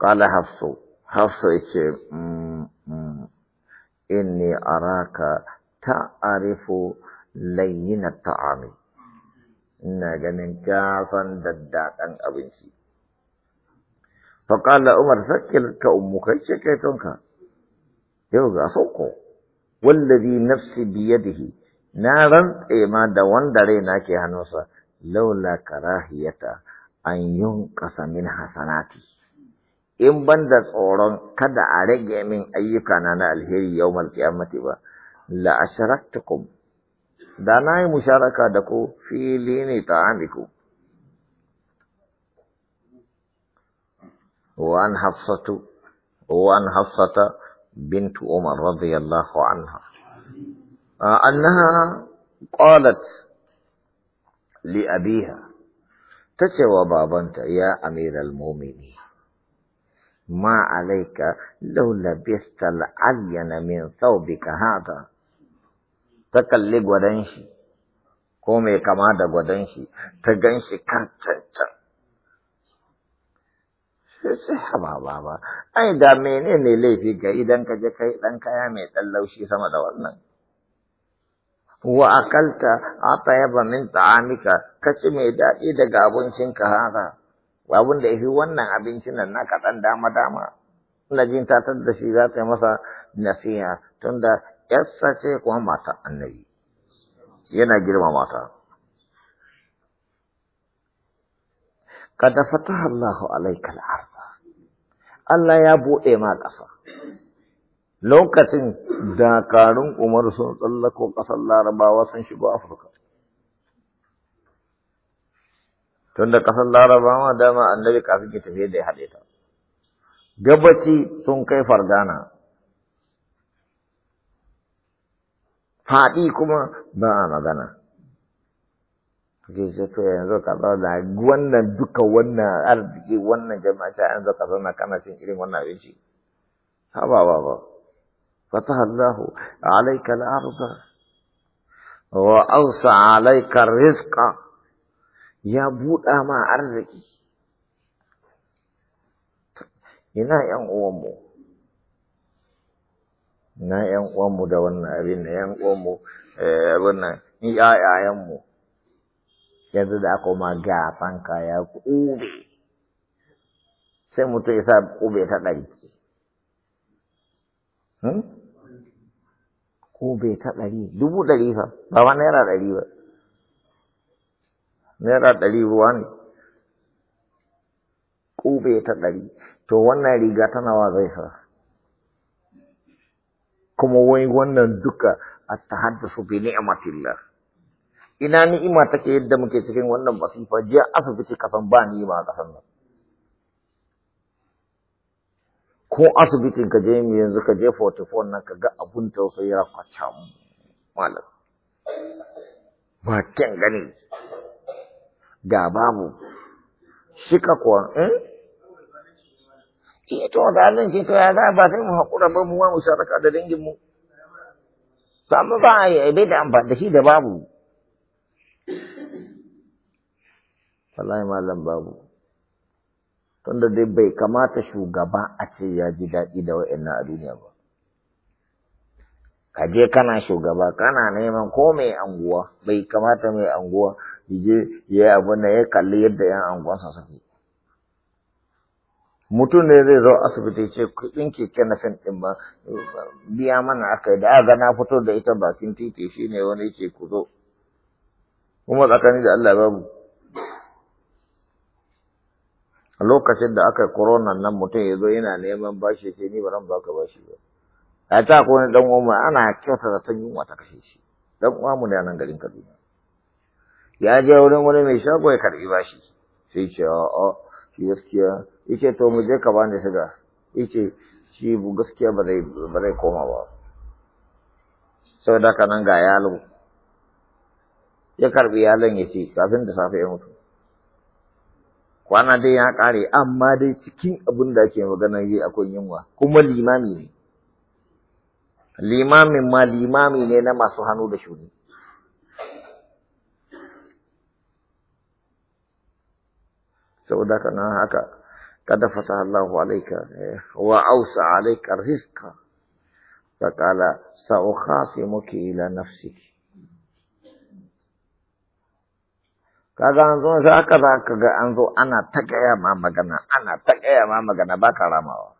قال حفص حفص يقول inni araka taarifu لين taami ina ganin kasan daddaɗan abinci. Faƙala Umar sakil ka ummukai ce kai tonka, yau ga sauko, wallazi nafsi biyadihi نعم إما إيه، دوان داري ناكي هنوسا لولا كراهية أن ينقص من حسناتي إن بندس أوران كد عليك من أي كانان الهير يوم القيامة با لا أشركتكم داناي مشاركة دكو في ليني طعامكو وأن حفصة وأن حفصة بنت عمر رضي الله عنها annaha qalat li abiha tace wa babanta ya amiral mu'mini ma alayka law labista al-alyana min thawbika hada ta kalli gwadon shi ko mai kama da gwadan shi ta gan shi kan cancan sai haba baba ai da menene laifi ga idan ka je kai dan kaya mai dan laushi sama da wannan wa akalta atayaba min ta'amika ci mai daɗi daga abincinka haka abin da yafi wannan abincin nan naka ɗan dama dama na jin ta da shi za ta yi masa nasiha tunda yarsa ce kuma mata annabi yana girma mata kada fataha Allahu alaika al Allah ya buɗe ma ƙasa lokacin dakarun umar sun tsallako ƙasar larabawa sun shigo afirka tunda da ƙasar larabawa dama annabi kafin ya tafiye da ya haɗe ta gabaci sun kai fargana, faɗi kuma ba a magana ke to yanzu ka da wannan duka wannan arziki wannan jama'a yanzu ka na kana cin irin wannan abinci ha ba ba ba فتح الله عليك الأرض وأوسع عليك الرزق يا بود أما أرزقي ina ‘yan uwanmu, ina ‘yan uwanmu da wannan abin da ‘yan uwanmu abin nan, yanzu da aka ma ga gasan ya kube sai mutum ya sa kube ta ɗari. Hmm? ko bai ta ɗari dubu ɗari fa ba ma naira ɗari ba naira ɗari ruwa ne ko bai ta ɗari to wannan riga tana wa zai sa kuma wai wannan duka a ta haddasa bi ni'matillah ina ni'ima take yadda muke cikin wannan masifa jiya asibiti kasan ba ni'ima a kasan nan ko asibitin ka je mu yanzu ka je 44 nan ka ga abun tausayi ya kwacha malam ba kyan gani ga babu ka kuwa eh? eh to da nan ce to ya za ba sai mu hakura ba mu ma mu sharaka da dangin mu Samu ba ai yi bai da amfani da shi da babu wallahi malam babu tunda dai bai kamata shugaba a ce ya ji daɗi da wa'annan a duniya ba ka je kana shugaba kana neman ko mai anguwa bai kamata mai anguwa je ya yi abin da ya kalli yadda yan anguwansa suke mutum ne zai zo asibiti ce kuɗin keke na fin ɗin ba biya mana aka yi da aka na fito da ita bakin titi shine wani ce ku zo kuma tsakani da Allah babu A lokacin da aka corona nan mutum ya zo yana neman bashi sai ni ba zan baka bashi ba a ta ko ne dan uwa ana kyauta da tun yunwa ta kashe shi dan uwa mu da nan garin Kaduna ya je wurin wani mai shago ya karbi bashi sai ce a shi gaskiya yace to mu je ka bani shiga yace shi bu gaskiya ba zai ba zai koma ba saboda haka nan ga yalo ya karbi yalon ya ce kafin da safe ya mutu kwana dai ya ƙare amma dai cikin abin da ake magana yi akwai yunwa kuma limami ne limamin ma limami ne na masu hannu da shuni saboda kana haka kada fataha Allahu alayka wa awsa alayka rizqa فقال سأخاصمك ila nafsiki kaga an zo sai aka za ka ga an zo ana ta gaya ma magana ana ta gaya ma magana ba ka ramawa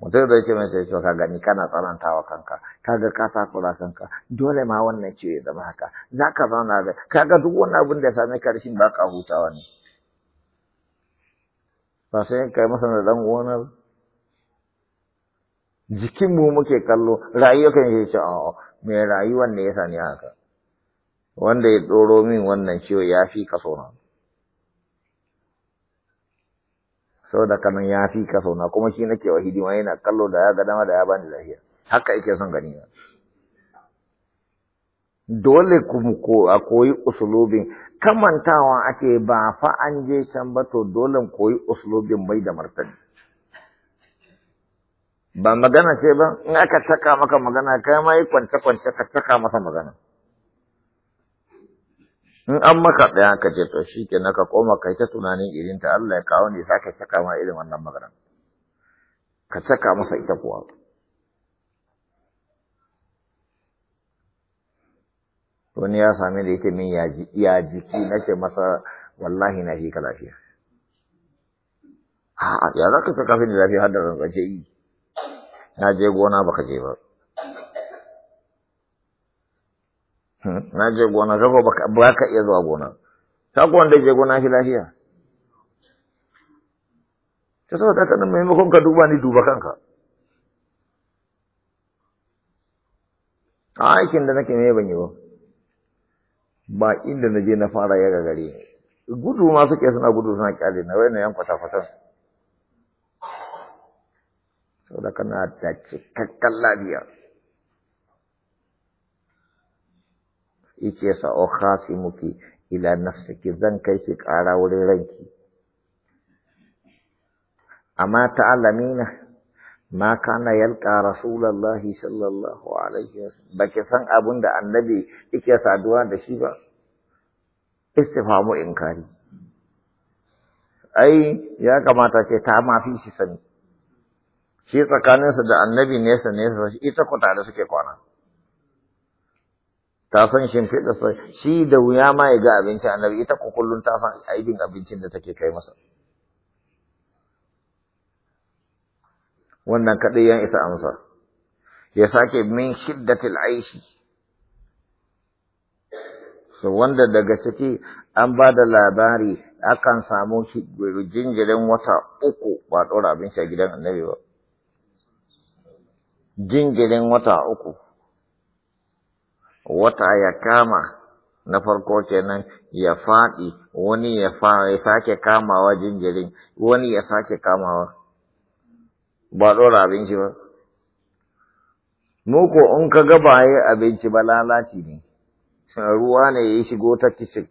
mutum da yake mai sai ka gani kana tsanantawa kanka kaga ka takura kanka dole ma wannan ce ya zama haka za ka zauna da kaga duk wani abin da ya same ka rashin ba ka hutawa ne ba sai kai masa da dan uwan jikinmu muke kallo rayuwa kan yi ce me mai ne ya sani haka wanda ya ɗoro min wannan ciwo ya fi kaso na da kanan ya fi kaso na kuma shi nake wa hidima yana kallo da ya ga dama da ya bani lafiya haka ike son gani na dole ku a koyi usulubin kamantawa ake ba fa an je can ba to dole koyi usulubin mai da martani ba magana ce ba in aka caka maka magana kai ma yi kwance-kwance ka caka masa magana in an maka ɗaya ka je to shi ke ka koma kai ta tunanin irin ta Allah ya kawo ne sake saka ma irin wannan magana ka saka masa ita kuwa wani ya sami da yake min ya jiki na ce masa wallahi na fi ka lafiya a'a ya za ka saka fi lafiya har da rantsace yi na je gona baka je ba Hmm? na je gona zago ba ka iya zuwa gona sako wanda je gona shi lafiya ta saboda ka nan maimakon ka duba ni duba kanka a aikin da nake mai ban yi ba ba inda na je na fara ya gagare gudu ma suke suna gudu suna kyale na wai na yan kwata-kwatan saboda kana da cikakken lafiya yake sa o oh, muki ila ki zan kai ki kara wurin ranki amma ta'alamina ma kana yalqa rasulullahi sallallahu alaihi wasallam baki san abun da annabi yake saduwa da shi ba istifhamu inkari ai ya kamata ce ta ma shi sani shi tsakaninsa da annabi nesa nesa ita ku tare suke kwana ta san sai shi da wuya ma ya ga abinci annabi ita ko kullun ta san aibin abincin da take kai masa wannan kaɗai yan isa amsa ya sake min shiddatil aishi so wanda daga ciki an ba da labari akan samu jinjirin wata uku ba ɗora abinci a gidan annabi ba jinjirin wata uku wata ya kama na farko kenan ya faɗi wani ya sake kamawa jinjirin wani ya sake kamawa ba ɗora abinci ba muku in ka ga baye abinci ba lalaci ne ruwa ne ya shigo ta kishin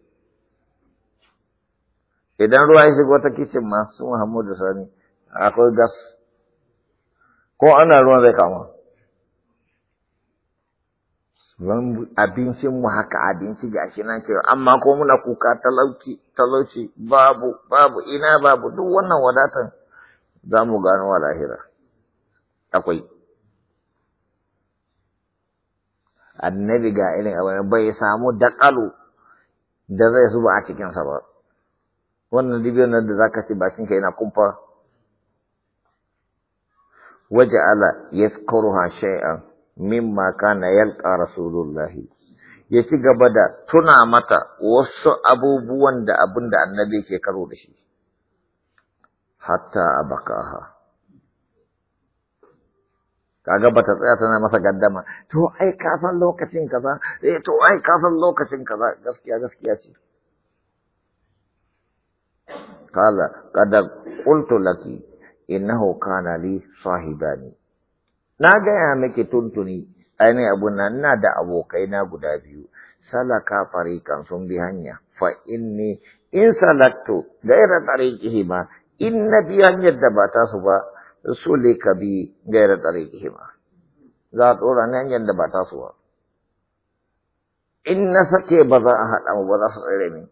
idan ruwa ya shigo ta kishin ma su muhammadu sani akwai gas ko ana ruwan zai kama Mun abincin mu haka abinci gashi nan cewa amma ko muna kuka talauci talauci babu babu ina babu duk wannan wadatan za mu gano wa lahira. Akwai. Annabi ga irin abin bai samu daƙalu da zai zuba a cikinsa ba. Wannan dibiyar nan da za ka ci bakinka yana kumfa. Waje ala ya shay'an Min maka kana yalqa rasulullahi ya ci gaba da tuna mata wasu abubuwan da abin da annabi ke karo da shi hatta abakaha kaga bata tsaya tana masa gaddama to ai ka san lokacin kaza eh to ai ka san lokacin kaza gaskiya gaskiya ce kala kada qultu laki innahu kana li sahibani na gaya miki tuntuni aini abun nan ina da abokai na guda biyu salaka farikan sun bi hanya fa inni in salaktu gaira tariqihi ma in na bi hanyar da ba ta su ba ka bi gaira tariqihi ma za a tsora ni hanyar da ba ta su ba in na sake ba za a haɗa mu ba za su tsere ni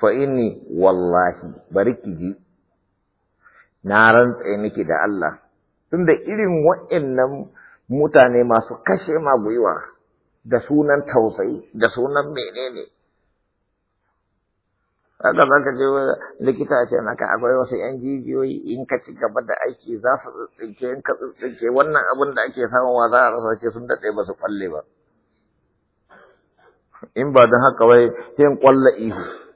fa inni wallahi bari ki ji na rantse miki da Allah tunda irin wa'annan mutane masu kashe ma gwiwa da sunan tausayi da sunan menene haka za ka je likita ce naka akwai wasu yan jijiyoyi in ka ci gaba da aiki za su tsinke in ka tsinke wannan abin da ake samuwa za a rasa ce sun daɗe ba su kwalle ba in ba don haka wai yin kwalla ihu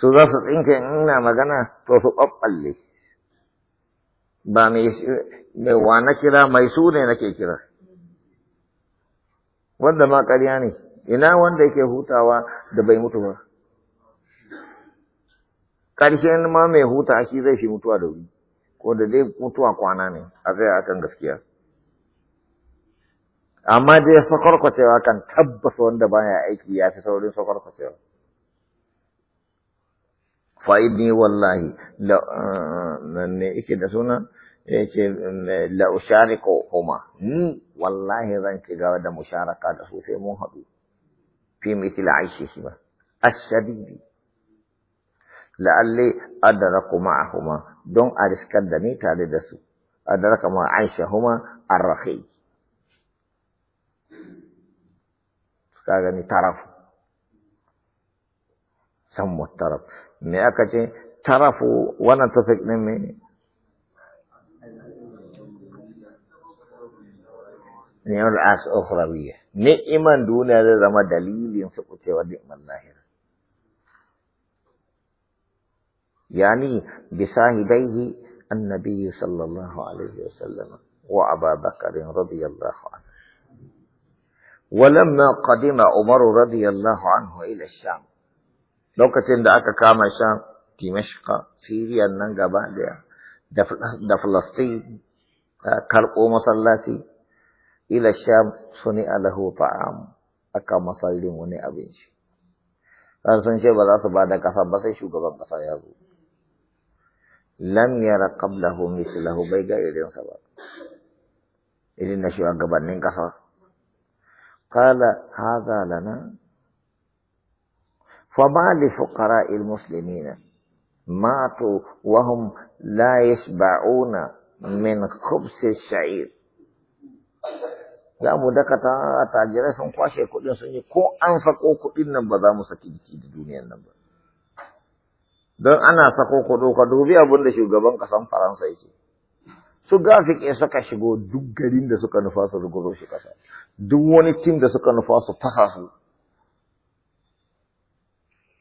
su za su tsinke ina magana to su ɓaɓɓalle ba mai wa na kira mai su ne nake kira wanda ma ƙarya ne ina wanda yake hutawa da bai mutu ba ƙarshen ma mai huta shi zai shi mutuwa da wuri ko da dai mutuwa kwana ne a zai akan gaskiya amma dai sakwarkwacewa kan tabbas wanda baya aiki ya fi saurin sakwarkwacewa فائدني والله میں نے ایک دا سونا لأشارکو ہما نی واللہ رنگ کے گاو دا مشارکا دا سوسے موحبی پی مثل عائشی الشديد الشدیدی لألی ادرکو معہما دون ارسکت دا نیتا دا سو ادرکو مع عائشہ ہما الرخی سکاگا طرف سموت طرف me aka ce tarafu wannan tafik ɗin me ni'imar as ukhrawiyya iman duniya zai zama dalilin su kucewa ni'imar lahir yani bi sahibaihi annabi sallallahu alaihi wasallam wa aba bakr radiyallahu anhu ولما قدم عمر رضي الله عنه إلى الشام lokacin da aka kama shan dimashka siriya nan gaba daya da falastin karɓo masallaci ila sham suni alahu ta'am aka masallin wani abinci kan sun ce ba za su ba da ƙasa ba sai shugaban kasa ya zo lam yara qablahu mislahu bai ga irinsa ba irin na shugabannin ƙasa. Kala hadha lana فما لفقراء المسلمين ماتوا وهم لا يشبعون من خبز الشعير za mu dakata tajirai sun kwashe kuɗin sun yi ko an sako kuɗin nan ba za mu saki jiki da duniyan nan ba don ana sako kuɗo ka dubi abin da shugaban ƙasan faransa yake su gafike suka shigo duk garin da suka nufa su ruguzo shi ƙasa duk wani tim da suka nufa su fasa su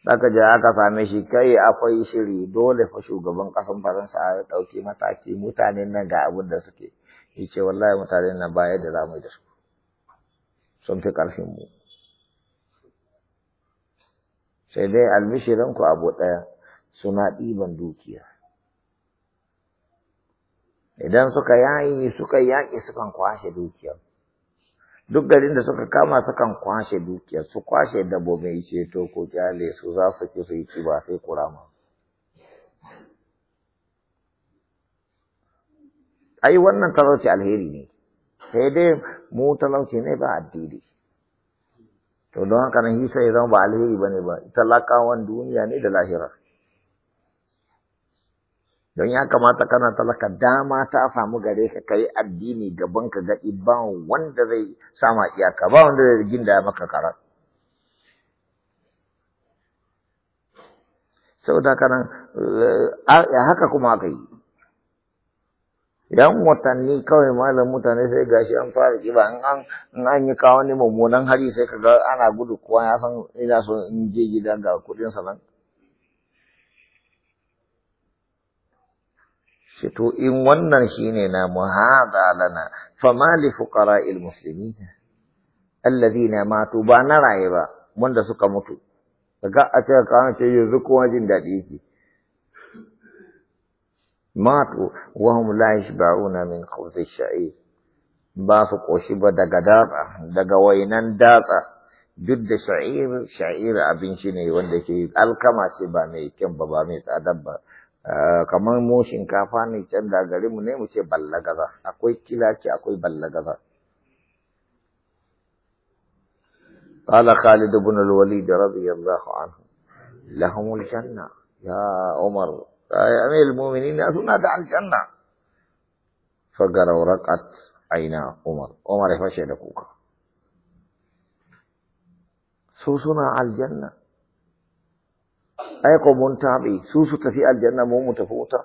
Saka je aka same shi kai akwai shiri dole fa shugaban kasan Faransa ya ɗauki mataki mutanen nan ga abin da suke. Yace wallahi mutanen nan ba yadda za mu yi da su. Sun fi karfin mu. Sai dai albishirin ku abu ɗaya suna ɗiban dukiya. Idan suka yayi suka yaƙi sukan kwashe dukiyar. duk garin da suka kama sukan kwashe dukiyar su kwashe dabbobin ceto ko kyale su za su ci su yi ci ba sai kurama ai wannan talauci alheri ne sai dai mu talauci ne ba addini to don haka nan hisa ya zama ba alheri bane ba talakawan duniya ne da lahirar. don ya kamata kana talaka dama ta samu gare ka kai addini gaban ka ga ba wanda zai sama iyaka ba wanda zai ginda da eh, ya maka karar saboda kana haka kuma aka yi yan watanni kawai malam mutane sai gashi an fara kiba in an yi kawo ne mummunan hari sai ka ga ana gudu kowa ya san ina so in je gida ga kudin sa shi to in wannan shine na muhada lana ma li al muslimin alladhina matu ba na raye ba wanda suka mutu kaga a ce ka ce yanzu kowa jin daɗi yake matu wa hum la yashba'una min khubzi sha'i ba su koshi ba daga datsa daga wainan datsa duk da sha'ir sha'ir abinci ne wanda ke alkama ce ba mai kyan ba ba mai tsada ba kamar mu shinkafa ne can da gari mu ne mu ce ballagaza akwai kilaci akwai ballagaza قال خالد بن الوليد رضي الله عنه لهم الجنة يا عمر يا أمير المؤمنين aljanna, دع الجنة فقروا رقعت عين عمر عمر فشل كوكا سوسنا على الجنة ai ko mun taɓe su su tafi aljanna mu mu tafi wuta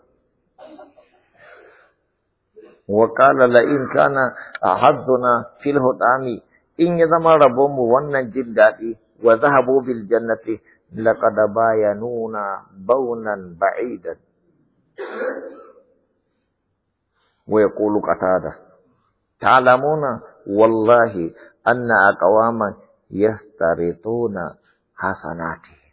wa qala la in kana ahadduna fil hudami in ya zama rabon mu wannan jin daɗi wa zahabu bil jannati laqad bayanuna baunan ba'idan wa yaqulu qatada ta'lamuna wallahi anna aqwaman yastarituna hasanati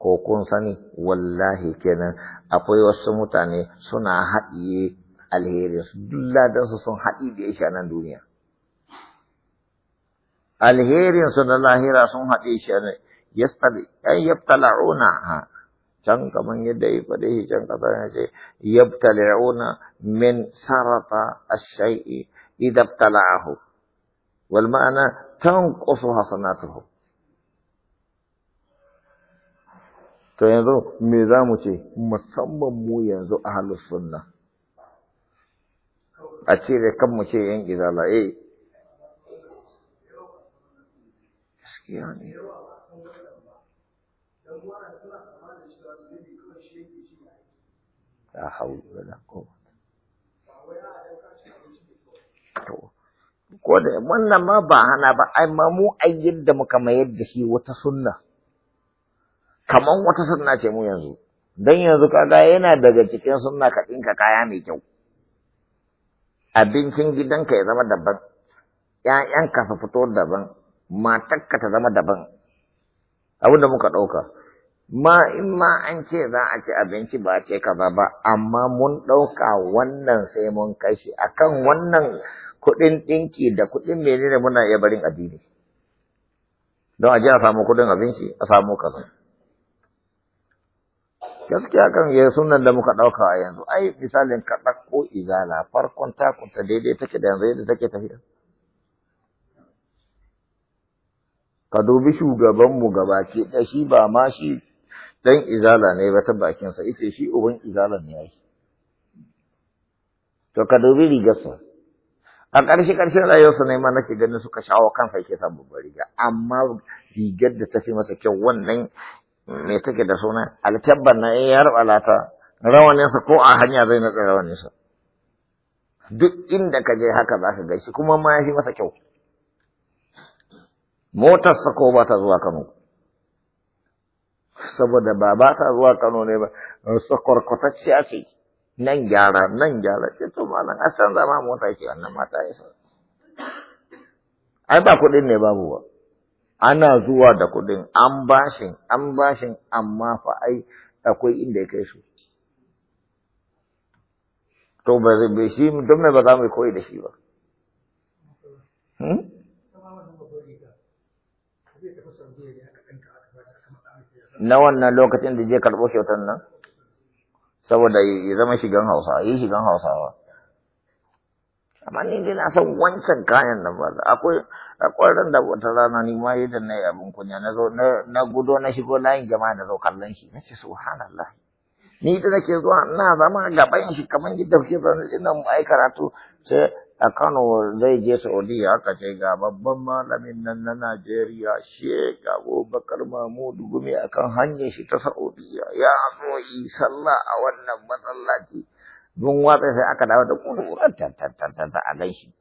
ko kun sani wallahi kenan akwai wasu mutane suna haɗiye alherinsu duk su sun haɗi da shi a nan duniya alherinsu na lahira sun haɗe shi ne yastabi ay yabtala'una ha can kaman yadda ya faɗe shi can kasa ya ce yabtala'una min sarata ashai'i idabtala'ahu wal ma'ana tanqusu hasanatuhu to yanzu me za mu ce musamman mu yanzu a halin sunna a cire kan mu ce yan izala eh gaskiya ne ko da wannan ma ba hana ba ai ma mu ayyar yadda muka mayar da shi wata sunna kaman wata sunna ce mu yanzu dan yanzu kaga yana daga cikin sunna ka ɗinka kaya mai kyau abincin gidanka ya zama daban ka su fito daban matarka ta zama daban abinda muka ɗauka ma in ma an ce za a ci abinci ba ce kaza ba amma mun ɗauka wannan sai mun kashi, akan wannan kuɗin ɗinki da kuɗin menene muna iya barin addini don a je a samu kuɗin abinci a samu kaza gaskiya kan ga eh, sunan da muka ɗauka a yanzu ai misalin ka ɗauko izala farkon takunta daidai take da yanzu yadda take tafiya ka dubi shugaban mu baki da shi ba ma shi dan izala ne ba ta bakin sa shi uban izala ne ya shi to ka dubi rigarsa a ƙarshe ƙarshen rayuwarsa ne ma nake ganin suka shawo kansa yake samun babbar riga amma rigar da ta fi masa kyau wannan me take da suna altabban na eh, ya rawanin sa ko a hanya zai natsa sa. duk inda ka je haka za ka gaishe kuma ma ya masa kyau sa ko ba ta zuwa kano saboda ba ba ta zuwa kano ne ba sakwarkwatacciya ce nan gyara nan gyara ce to malam a san zama mota ce wannan mata ya ai ba kuɗin ne babu ba ana zuwa da kuɗin an bashin an bashin amma fa ai akwai inda ya kai su to ba zai shi don ba za mu koyi da shi ba hmm? na wannan lokacin da je karɓo kyautar nan saboda ya zama shigan hausa yi shigan hausawa amma ni dai na san wancan kayan nan ba akwai akwai da wata rana ni ma yadda na yi abin kunya na zo na gudo na shigo layin jama'a da zo kallon shi na ce subhanallah ni da nake zuwa ina zama gaban shi kamar yadda kuke zaune ina mu ai karatu sai a Kano zai je ya aka ce ga babban malamin nan na Najeriya Sheikh Abubakar Mahmud Gumi akan hanyar shi ta Saudi ya zo yi sallah a wannan masallaci don watsa sai aka dawo da kudurar tantantantan a gan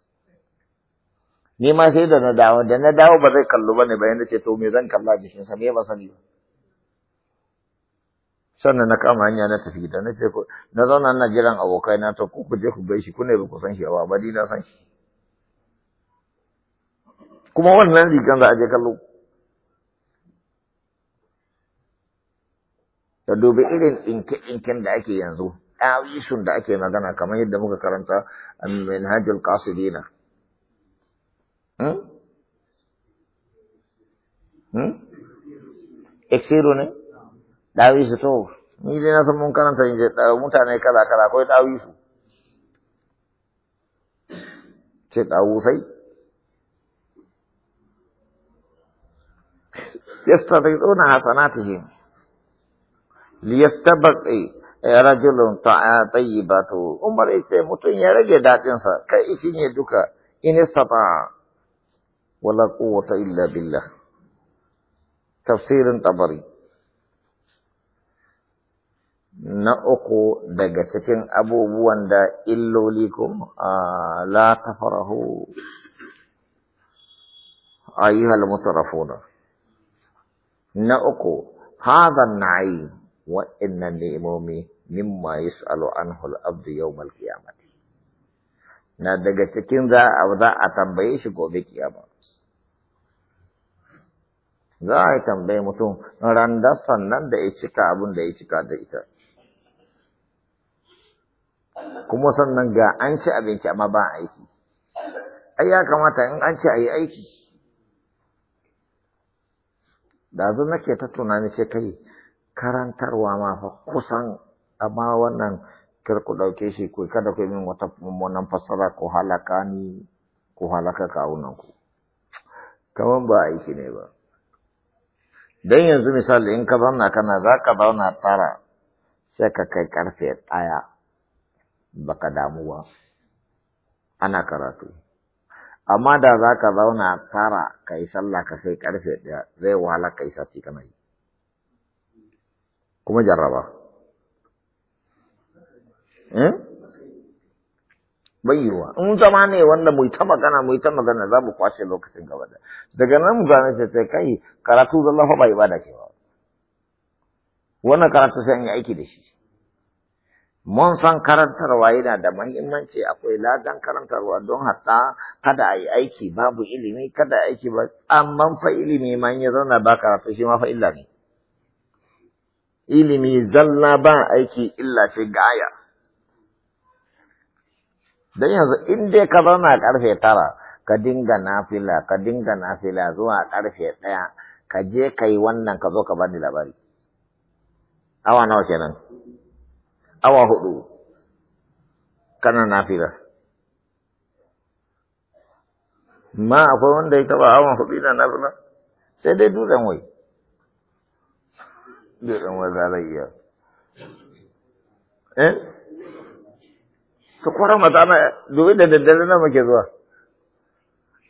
ni ma sai da na dawo da na dawo ba zai kallo bane ba yanda ce to me zan kalla jikin sa me ba sani ba sannan na kama hanya na tafi da na ce ko na zauna na jiran abokai na to ku je ku gaishe ku ne ba ku san shi ba ba ni na san shi kuma wannan rigan za a je kallo da dubi irin inke-inken da ake yanzu ɗawisun da ake magana kamar yadda muka karanta min hajjul kasidina hmm? ne ɗawisu to ni dai na san mun karanta mutane kala kala akwai ɗawisu ce ɗawusai يستغيثون حسناتهم ليستبقي rajulun tayyibatu umar ce mutun ya rage dadin sa kai ikin ne duka in istata ولا قوة إلا بالله تفسير طبري نأقو دقا أبو بوان دا إلو ليكم آه، لا تفره أيها المترفون نأقو هذا النعيم وإن النئمومي مما يسأل عنه الأبد يوم القيامة نا دقا تكين دا أبدا أتنبئيش قو بكيامات za a yi tambayi mutum randar sannan da ya cika abin da ya cika da ita kuma sannan ga an ci abinci amma ba aiki ai ya kamata in an ci a yi aiki da zo nake ta tunani ce kai karantarwa ma fa kusan amma wannan kar ku ɗauke shi ku kada ku min wata mummunan fassara ko halaka ni ko halaka kawunan ku kaman ba aiki ne ba don yanzu misali in ka zauna kana za ka zauna tara sai ka kai karfe ɗaya baka damu ba ana karatu amma da za ka zauna tara ka yi sallah ka kai karfe ɗaya zai wahala ka yi sati kana yi kuma jarraba eh? ruwa. in zama ne wanda mu ta magana mu ta magana za mu kwashe lokacin gaba da daga nan mu gane sai sai kai karatu da lafa ba ibada ce ba wannan karatu sai an yi aiki da shi mun san karantarwa yana da mahimmanci akwai ladan karantarwa don hatta kada a yi aiki babu ilimi kada a aiki ba amma fa ilimi ma ya zauna ba karatu shi ma fa illa ne ilimi zalla ba aiki illa ce gaya don yanzu in dai ka zauna karfe tara ka dinga nafila ka dinga nafila zuwa karfe ɗaya ka je ka yi wannan ka zo ka bani labari awa nawa kenan awa hudu kana nafila ma akwai wanda ya taba awa hudu na nafila sai dai dutsen wai dutsen wai zalai iya eh ka kwara mata na domin da daddare na muke zuwa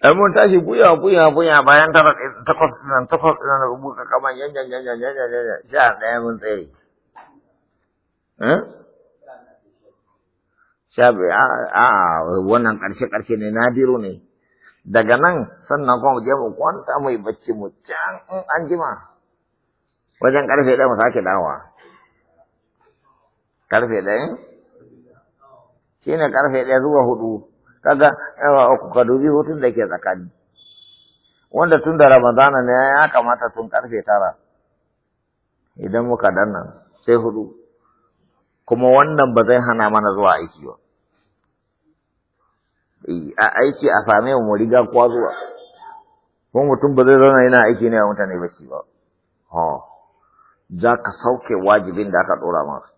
dan mun tashi buya buya buya bayan tara takwas nan takwas nan buka kaman yan yan yan yan yan yan sha daya mun tsere eh? sha a a wannan karshe karshe ne na biro ne daga nan sannan kuma mu je mu kwanta mai bacci mu can in an jima wajen karfe ɗaya mu sake dawowa karfe ɗaya shi ne karfe ɗaya zuwa hudu kaga yawa uku ka dubi hutun da ke tsakani wanda tun da ramadana ne ya kamata tun karfe tara idan muka danna sai hudu kuma wannan ba zai hana mana zuwa aiki ba a aiki a same mu riga kuwa zuwa kuma mutum ba zai zauna yana aiki ne a mutane ba shi ba ha za ka sauke wajibin da aka ɗora masu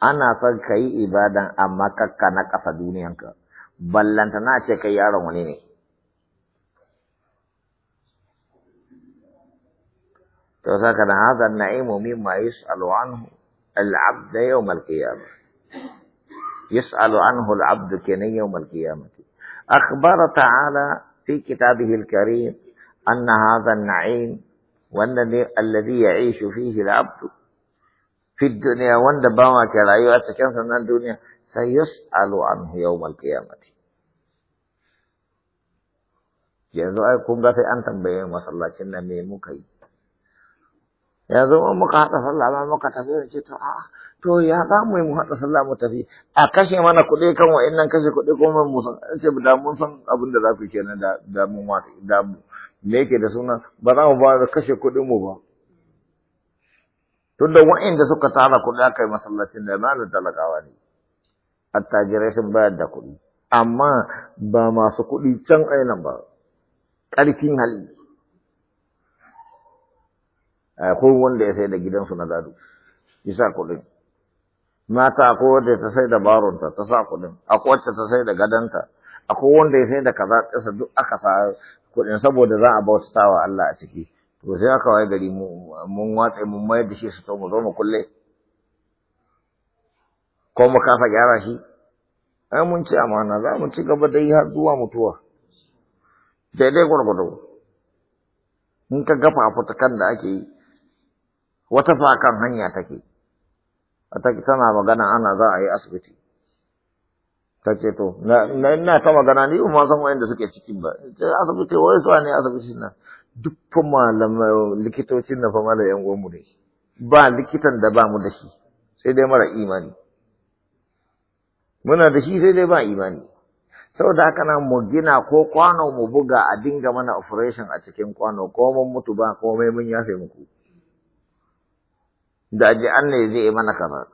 ana son kai ibadan amma kakka na ƙasa duniyanka ballanta na ce kai yaron wani ne to saka da hada na'imu mimma yus'alu anhu al'abd abd yawm al-qiyamah yus'alu anhu al-'abd kana yawm al-qiyamah akhbara ta'ala fi kitabihi al-karim anna hadha an-na'im والذي يعيش فيه العبد fi duniya wanda ba ma ke rayuwa cikin sannan duniya sai yus'alu anhu yawmal qiyamati yanzu ai kun ga sai an tambaye masallacin nan me muka yi yanzu in muka haɗa sallah ba muka tafi ce to a to ya za mu yi mu haɗa sallah mu tafi a kashe mana kuɗi kan wa'annan kashe kuɗi kuma mu san ce da mun san abin da za ku kenan da da mun wata da mu me yake da suna ba za mu ba kashe kuɗin mu ba tunda wa'inda suka tara kuɗi aka yi masallacin da malar talakawa ne attajirai sun bayar da kuɗi amma ba masu kuɗi can ainihin ba ƙarfin hali akwai eh, wanda ya sai da gidansu na gado ya sa kuɗin mata akwai wanda ta sai da baronta ta sa kuɗin akwai wacce ta sai da gadonta akwai wanda ya sai da kaza ƙasa duk aka sa kuɗin saboda za a bautawa wa Allah a ciki to sai aka waye gari mun watsa mun mayar da shi su to mu zo mu kulle ko mu kafa gyara shi ai mun ci amana za mu ci gaba dai har zuwa mutuwa daidai gwargwado in ka gafa fitakan da ake yi wata fakan hanya take tana magana ana za a yi asibiti ta ce to na ina ta magana ni ma san wayanda suke cikin ba asibiti wai su ne asibitin nan dukkan malamai likitocin na fama da yan gwamu ne ba likitan da ba mu da shi sai dai mara imani muna da shi sai dai ba imani saboda haka nan mu gina ko kwano mu buga a dinga mana operation a cikin kwano ko mun mutu ba komai mun yafe muku da aji an ne zai mana kaza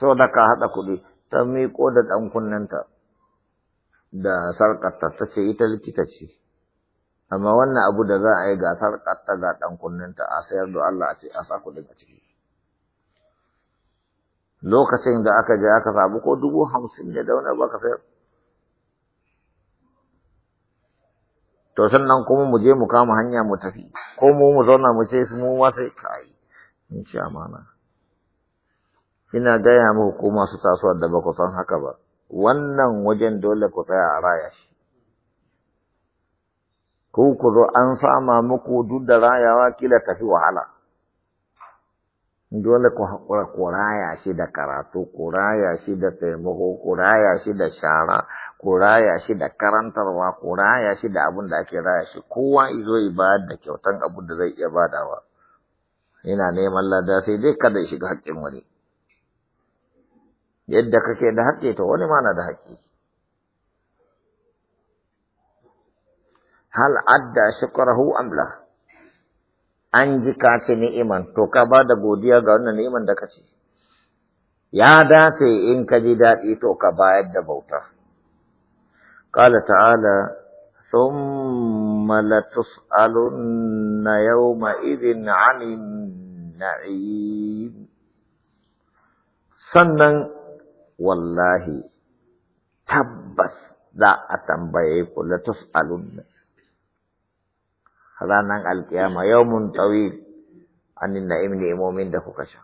saboda ka haɗa kuɗi ta miƙo da ɗan kunnenta da sarƙarta ta ce ita likita ce amma wannan abu da za a yi gasar ƙatta ga ɗan kunninta a sayar da Allah a ce a sa kuɗin a ciki lokacin da aka je aka samu ko dubu hamsin ne da wani ba sayar to sannan kuma mu je mu kama hanya mu tafi ko mu mu zauna mu ce su mu ma sai kai in ci amana ina gaya muku ko masu tasowa da ba ku san haka ba wannan wajen dole ku tsaya a raya shi ko ku zo an sama muku duk da rayawa kila tafi wahala dole ku haƙura ku raya shi da karatu ku raya shi da taimako ku raya shi da shara ku raya shi da karantarwa ku raya shi da abin da ake raya shi kowa izo yi ba da kyautan abin da zai iya badawa ina neman lada sai dai kada ya shiga haƙƙin wani yadda kake da haƙƙi to wani ma na da haƙƙi hal adda shukrahu amla an ji ka ce ni'iman to ka ba da godiya ga wannan ni'iman da ka ce ya dace in ka ji daɗi to ka bayar da bauta Kala ta'ala ثم لتسألن يومئذ عن النعيم sannan wallahi tabbas za a tambaye ku ranan alkiyama yawmun tawil annin na'im imomin da kuka sha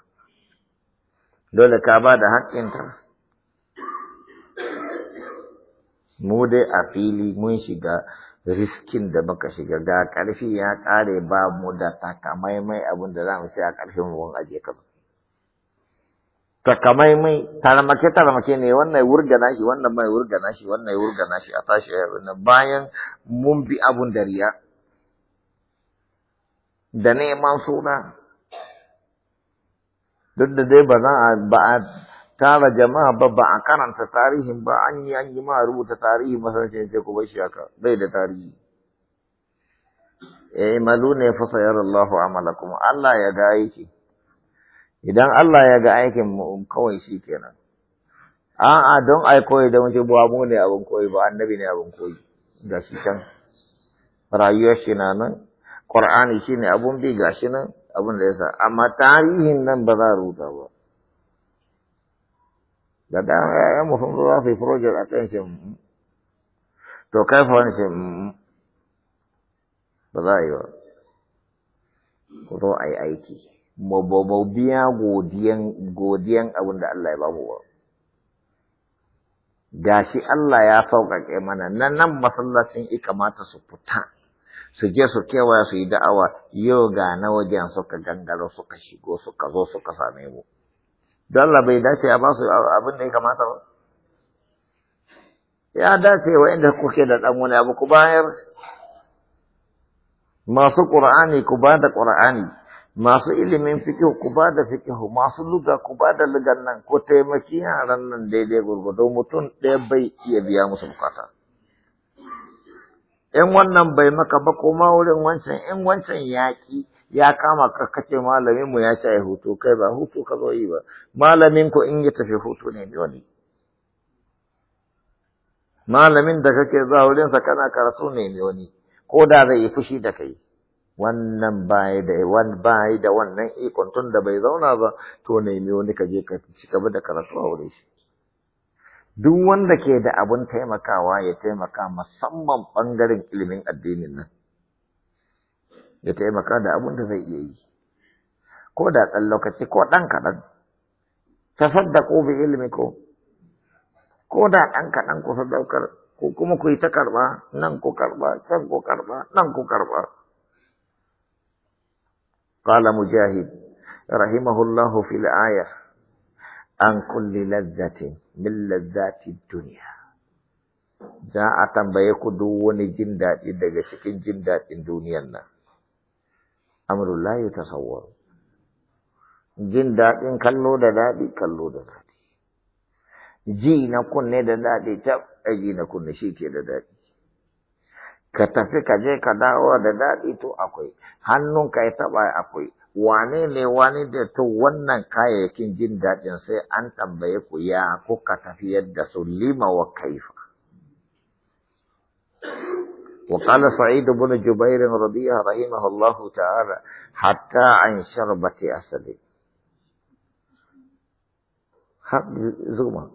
dole ka ba da haƙƙinta mu dai a fili mun shiga riskin da muka shiga ga ƙarfi ya ƙare ba mu da takamaimai abin da za mu sai a ƙarfin ruwan aje kaza takamaimai tarmace tarmace ne wannan wurgana shi wannan mai wurgana shi wannan wurgana shi a tashi bayan mun bi abun da riya da neman suna duk da dai ba za a ba a tara jama'a ba ba a karanta tarihin ba an yi an yi ma rubuta tarihi masarautar ce ku bashi haka bai da tarihi eh malu ne fa sayar Allahu amalakum Allah ya ga aiki idan Allah ya ga aikin mu kawai shi kenan a'a don ai koyi da mace bua mu ne abin koyi ba annabi ne abin koyi ga can rayuwar shi na nan Qur'ani shine abun bi gashi nan abun da yasa amma tarihin nan ba za rubuta ba da da ya mu sun zuwa fi project attention to kai fa wani mm, ba za a yi ba ku zo a aiki mu biya godiyan godiyan abin da Allah ya bamu ba gashi Allah ya sauƙaƙe mana nan nan masallacin ikamata su fita su je su kewaya su yi da'awa yau ga na wajen suka gangaro suka shigo suka zo suka same mu don bai dace a ba su abin da ya kamata ba ya dace wa inda kuke da dan wani abu ku bayar masu qur'ani ku ba da qur'ani masu ilimin fikihu ku ba da fikihu masu luga ku ba da lugan nan ko taimaki yaran nan daidai gurgudo mutum ɗaya bai iya biya musu bukata in wannan bai maka ba ma wurin wancan in wancan yaƙi ya kama ka kace malamin mu ya sha hutu kai ba hutu ka zo yi ba malamin ko in ya tafi hutu ne dole malamin da kake zuwa wurin sa kana karatu ne wani ko da zai yi fushi da kai wannan bai da wan bai da wannan ikon tun da bai zauna ba to ne wani ka je ka ci gaba da karatu a wurin shi duk wanda ke da abin taimakawa ya taimaka musamman ɓangaren ilimin addinin nan ya taimaka da abin da zai iya yi ko da ɗan lokaci ko ɗan kaɗan tasaddaqu bi ilimi ko ko da ɗan kaɗan ku sadaukar ko kuma ku yi ta karɓa nan ku karɓa can ku karɓa nan ku karɓa qala mujahid rahimahullahu fil aya an kulli ladzatin min lazzati duniya za a tambaye ku duk wani jin daɗi daga cikin jin daɗin duniyan nan amrul la yatasawwar jin daɗin kallo da daɗi kallo da daɗi ji na kunne da daɗi tab ji na kunne shi ke da daɗi ka tafi ka je ka dawo da daɗi to akwai hannunka ya taɓa akwai wane wani wane wannan kayayyakin jin daɗin sai an tambaye ku ya kuka tafiyar da su lima wa kaifa wa ƙala sa'i da buna jubairin rabiya rahim allahu ta'ara hatta an sharbati asali haɗu zuma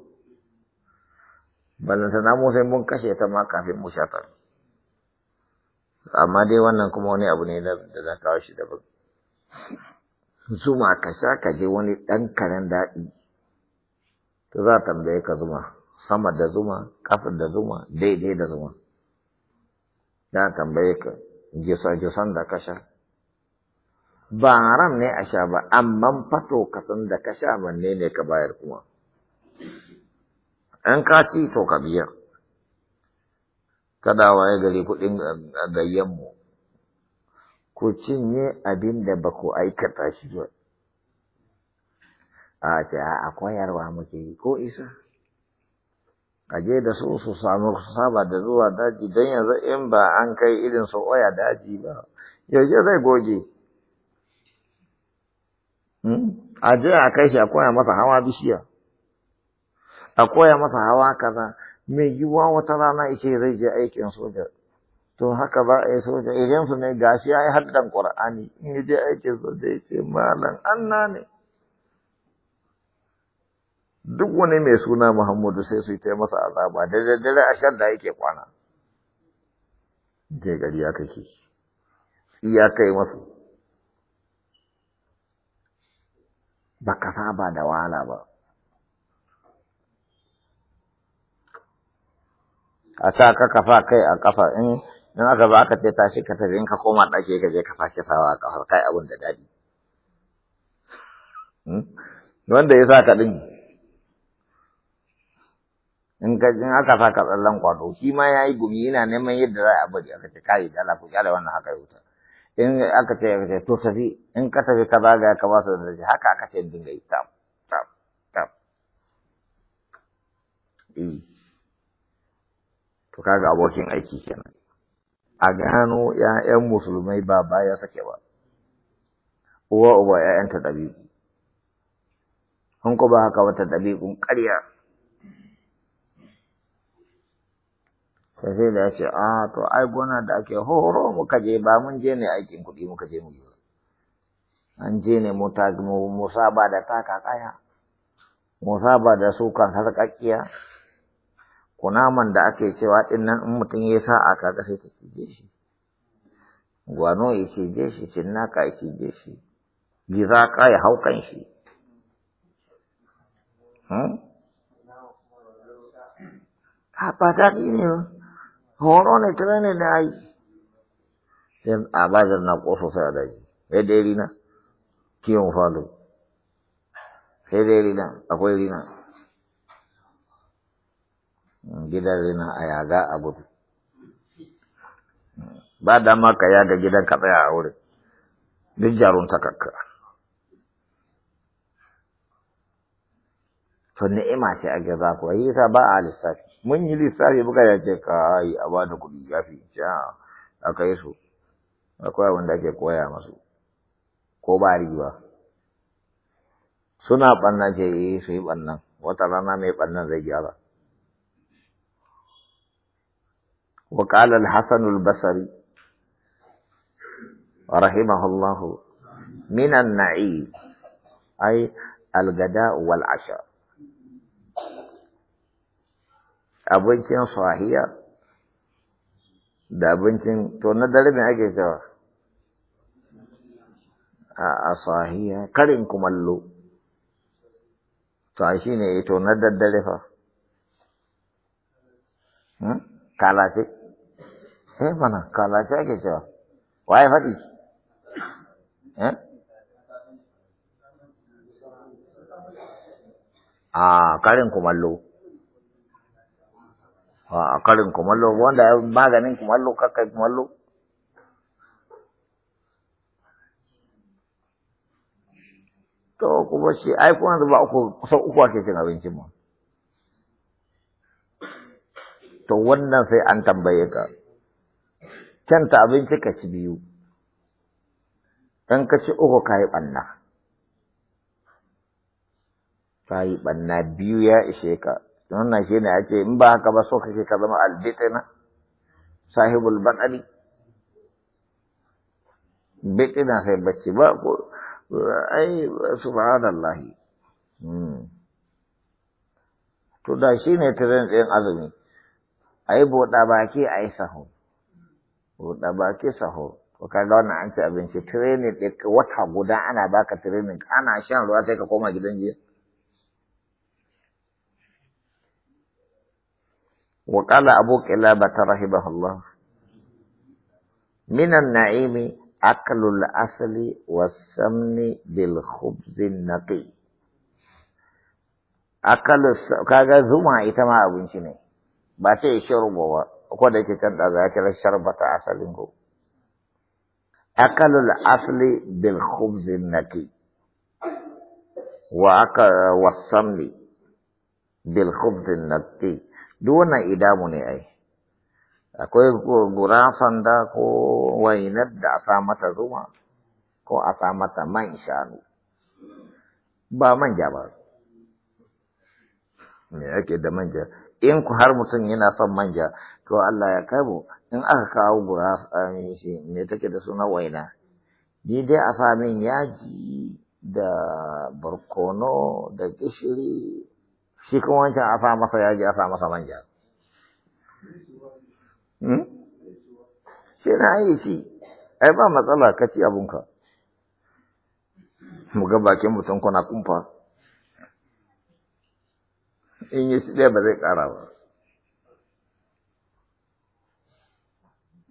balanta na musa mun kashe ta ma kafin mu shafar amma dai wannan kuma wani abu ne da za ka wa shi da zuma ka sha ka je wani ɗan karen daɗi to za tambaye ka zuma sama da zuma ƙafa da zuma daidai da zuma za tambaye ka gisa-gisan da ka sha ba haram ne a sha ba amma fato kasan da ka sha manne ne ka bayar kuma an ka ci to ka biya kada ya gari kuɗin gayyanmu ku cinye abin da ba ku aikata shi ba. A ce a koyarwa muke yi ko isa. A je da su su samu su saba da zuwa daji don yanzu in ba an kai irin su oya daji ba, yaushe zai goge. Hmm? A je a kai shi a koya masa hawa bishiya. A koya masa hawa kaza. mai yiwuwa wata rana ishe zai je aikin soja to haka ba a yi soja idan su ne gashi ya yi haddan ƙur'ani in yi je aiki su zai ce malam anna ne duk wani mai suna muhammadu sai su yi ta masa azaba da daddare a shadda yake kwana je gari ya kake iya kai masu ba ka saba da wahala ba a sa ka kafa kai a kafa in in aka ba aka ce tashi ka tafi in ka koma ɗaki ka je ka sake sawa a ƙafar kai abin da daɗi hmm? wanda ya sa ka ɗin in ka in aka sa ka tsallan kwado shi ma ya yi gumi yana neman yadda za a bari aka ce kai da Allah ku kyale wannan haka ya wuta in aka ce aka ce to tafi in ka tafi ka zaga ka ba su da daji haka aka ce dinga yi tam tam tam eh. to kaga abokin aiki kenan a gano ‘ya'yan musulmai ba baya sake ba, uwa uba ‘ya'yanta ɗabi'u, an ba haka wata ɗabi'un ƙarya. Sai da ya ce, a to, ai gona da ake horo muka je ba mun je ne aikin kuɗi muka je mu yi An je ne musa ba da taka kaya, musa ba da sukan sarƙaƙƙiya. kunaman da ake cewa din nan in mutum ya sa a kaga sai ta cije shi gwano ya cije shi ka ya cije shi ka ya hau kan shi hmm? ah, ba daɗi ne ba horo ne tare ne da ai sai a bazar na ƙoso sai a daji da ya rina kiyon falo sai dai rina akwai rina Hmm, gidan na a yaga a gudu hmm, ba dama ka yaga gidan ka tsaya a wurin duk jarun takakka to ni'ima ce a gaza ku yi ta ba a lissafi mun yi lissafi buka ya ce ka yi a bada kuɗi ya fi ja ah, aka yi su akwai abin da ake koya masu ko ba riba suna ɓannan ce yi eh, su yi ɓannan wata rana mai ɓannan zai gyara وقال الحسن البصري رحمه الله من النعيم أي الغداء والعشاء أبنتين صاحية ده أبنتين تونا دل من أجل جوا أصاحية آه، قرنكم اللو صاحيين إيه تونا دل دل فا sai eh, mana kalace ake cewa waye faɗi eh? a ah, karin kumallo a ah, karin kumallo wanda ya maganin kumallo kakkai kumallo to kuma shi ai kuma ba uku kusan uku ake cin abinci mu to wannan sai an tambaye ka canta abinci ka ci biyu dan ka ci uku ka yi ɓanna ka yi ɓanna biyu ya ishe ka wannan shi ne ake in ba haka ba so kake ka zama albitina sahibul baɗari bitina sai bacci ba ko ai subhanallahi hmm. to da shi ne tirin ɗin azumi a yi buɗa baki a yi sahu ba baki saho ko kaga wannan an ce abinci training ɗin wata guda ana baka training ana shan ruwa sai ka koma gidan jiya wa qala abu qila bata rahibahu allah min an na'imi akalul asali wasamni bil khubzin naqi akal kaga zuma ita ma abinci ne ba sai shirbo ba ko da yake can da ya kira sharbata asalin ko akalul asli bil khubzin naki wa aka wasamli bil khubzin naki duk wannan idamu ne ai akwai gurasan da ko wainar da a sa mata zuma ko a sa mata man shanu ba manja ba me yake da manja in ku har mutum yana son manja to Allah ya kai mu in aka kawo gurasa shi me take da suna waina ni dai a sa yaji da barkono da gishiri shi kuma wancan a sa masa yaji a sa masa manja hmm? shi na yi shi ai ba matsala ka ci abunka mu ga bakin mutum kuna kumfa in yi shi ɗaya ba zai ƙara ba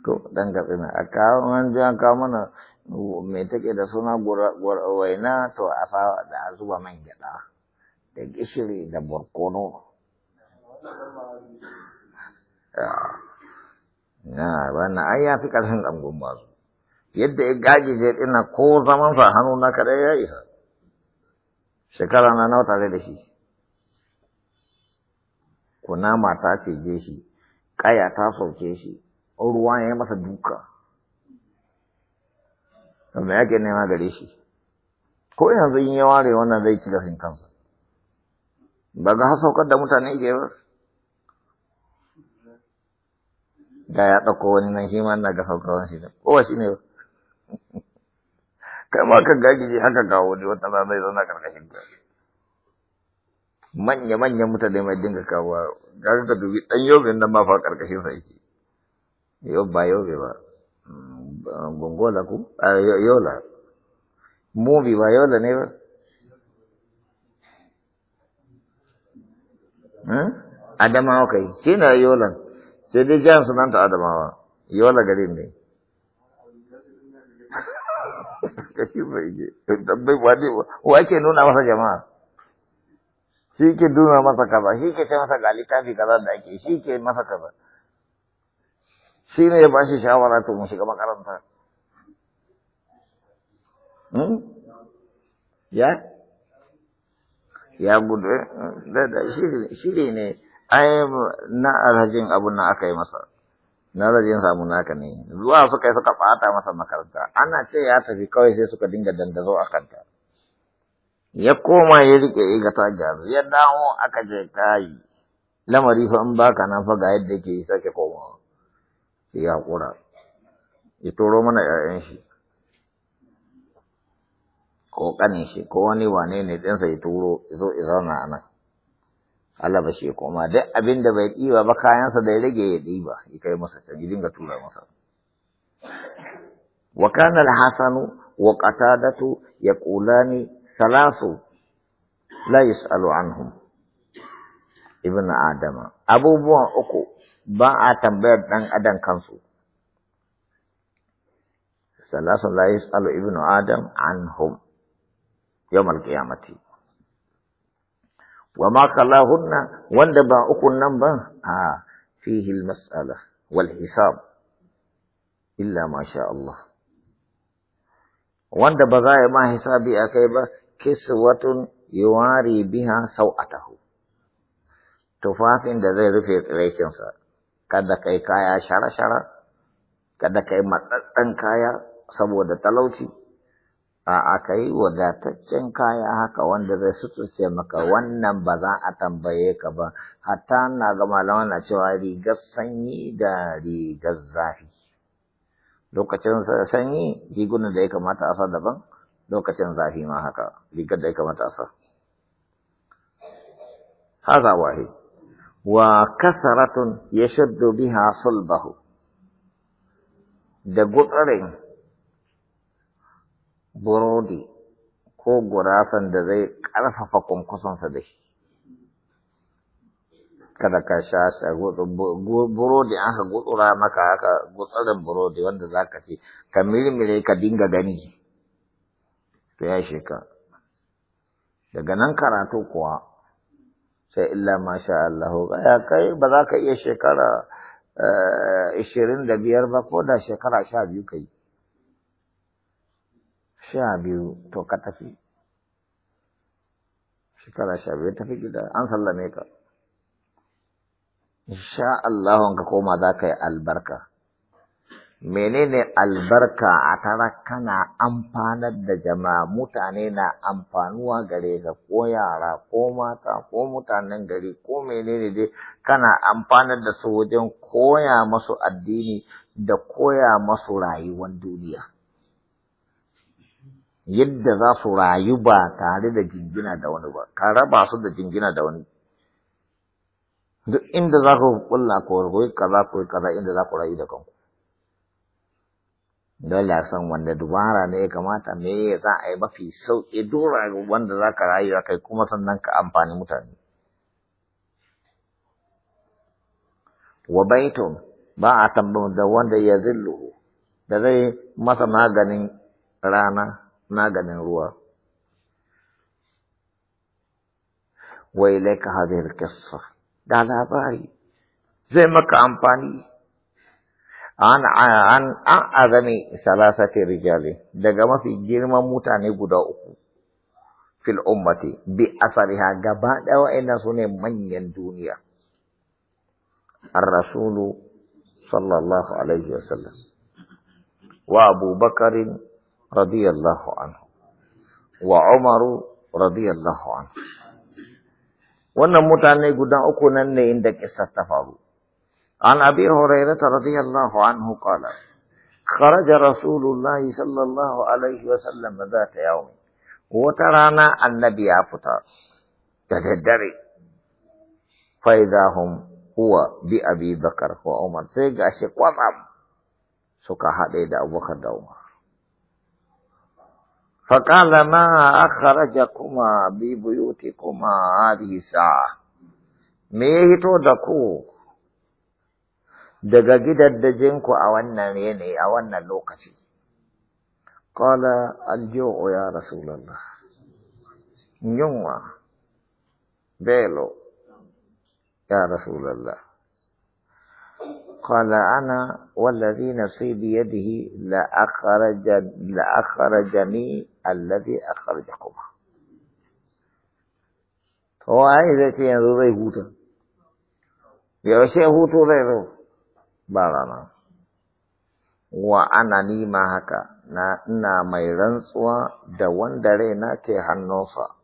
to dan gatsi na a kawo an ji kawo mana me take da suna waina to a sa da a zuba man gyaɗa da gishiri da barkono na wannan ai ya fi ƙarfin ɗangun su. yadda ya gaji je ina ko zaman sa hannu na kaɗai ya isa shekara na nawa tare da shi kuna mata ce je shi ƙaya ta sauke shi ruwa ya masa duka sannan yake nema gare shi ko yanzu in ya ware wannan zai ci gasin kansa ba ga saukar da mutane ke ba da ya ɗauko wani nan shi ma na ga saukar shi ne. kowa shi ne ba kai ma ka gaji haka ga wani wata zai zauna karkashin ka manya-manyan mutane mai dinga kawo ga ka dubi ɗan yobin nan ma fa karkashin sa yake Yo ba yobe mm, ba gongola ku a yola Mubi ba yola ne ba hmm? adamawa kai shi na yola. sai dai jan sunanta adamawa yola gari ne [LAUGHS] kashi bai je wani wa ke nuna masa jama'a shi ke nuna masa kaza shi ke ce masa ga littafi kaza da ake shi ke masa kaza sini ne ya pasti shi shawara to mu shiga makaranta hmm? ya ya gudu shiri ne ai na alhajin abun na aka yi masa na rajin samu naka ne Dua suka suka ɓata masa makaranta ana ce ya tafi kawai sai suka dinga dandazo a kanta ya koma ya rike iga ta ya dawo aka je kayi lamari fa in baka nan fa ga yadda ke yi sake ya ƙura ya turo mana ‘ya'yan shi ko ƙanin shi ko wani wane ne ɗinsa ya turo ya zo ya zauna a nan Allah ba shi koma duk abin da bai ɗiba ba kayansa da ya rage ya ɗiba ya kai masa ta, gidin ga tura masa wa kana al-hasanu wa qatadatu yaqulani salasu la yus'alu anhum ibn adama abubuwan uku ba a tambayar ɗan adam kansu. Salasun la yas'alu ibnu Adam anhum yawmal qiyamati. Wa ma kalahunna wanda ba ukun nan ba a fihil masala wal hisab illa masha Allah. Wanda ba za a ma hisabi a kai ba kiswatun yuwari biha sau'atahu. Tufafin da zai rufe tsiraicinsa. kada kai kaya shara-shara kada kai matsatsen kaya saboda talauci a'a kai wadataccen kaya haka wanda zai sutsuce maka wannan ba za a tambaye ka ba hatta na ga malaman na cewa rigar sanyi da rigar zafi lokacin sanyi rigunan da ya kamata a sa daban lokacin zafi ma haka rigar da ya kamata a sa haza wahid Wa وكسرة يشد بها صلبه da gutsarin burodi ko gurasan da zai ƙarfafa kwankwasonsa da shi kada ka sha shi burodi an ka gutsura maka haka gutsarin burodi wanda za ka ce ka mirmire ka dinga gani ta ya daga nan karatu kuwa sai illa masha Allah ya kai ba za ka iya shekara eh, ishirin da biyar ba ko da shekara sha biyu kai sha biyu to ka tafi shekara sha biyu tafi gida an sallame ka sha Allah ka koma za ka yi albarka menene albarka a tara kana amfanar da jama'a mutane na amfanuwa gare ka ko yara ko mata ko mutanen gari ko menene dai kana amfanar da su wajen koya masu addini da koya masu rayuwar duniya yadda za su rayu ba tare da jingina da wani ba ka raba su da jingina da wani duk inda za ku kulla ku kaza ku kaza inda za ku rayu da kanku dole a san wanda dubara ne ya kamata me za a yi mafi sauƙi dora wanda za ka rayuwa kai kuma sannan ka amfani mutane. Wa baitun ba a tambayin da wanda ya zillu da zai masa maganin rana maganin ruwa. Wa ilaika hadhihi al da labari zai maka amfani an an an azami salasati rijali daga mafi girman mutane guda uku fil ummati bi asariha gaba ɗaya wa'annan su ne manyan duniya ar-rasulu sallallahu alaihi wasallam wa Abubakar radiyallahu anhu wa umaru radiyallahu anhu wannan mutane guda uku nan ne inda kissa ta faru عن أبي هريرة رضي الله عنه قال خرج رسول الله صلى الله عليه وسلم ذات يوم وترانا النبي عفتا تدري فإذا هم هو بأبي بكر وعمر سيقاش وطم سكا هذا أبو بكر وعمر فقال ما أخرجكما ببيوتكما هذه الساعة ما يهتو daga gidaddajinku a wannan yanayi a wannan lokaci. Kala aljo'o ya Rasulallah, yunwa, belo ya Rasulallah. Kala ana wallazi nafsi biyadihi la'akharajani allazi akharajakuma. To, ai zai ce yanzu zai huta, yaushe hutu zai zo. ba rana wa ana nima haka na ina mai rantsuwa da wanda raina ke hannunsa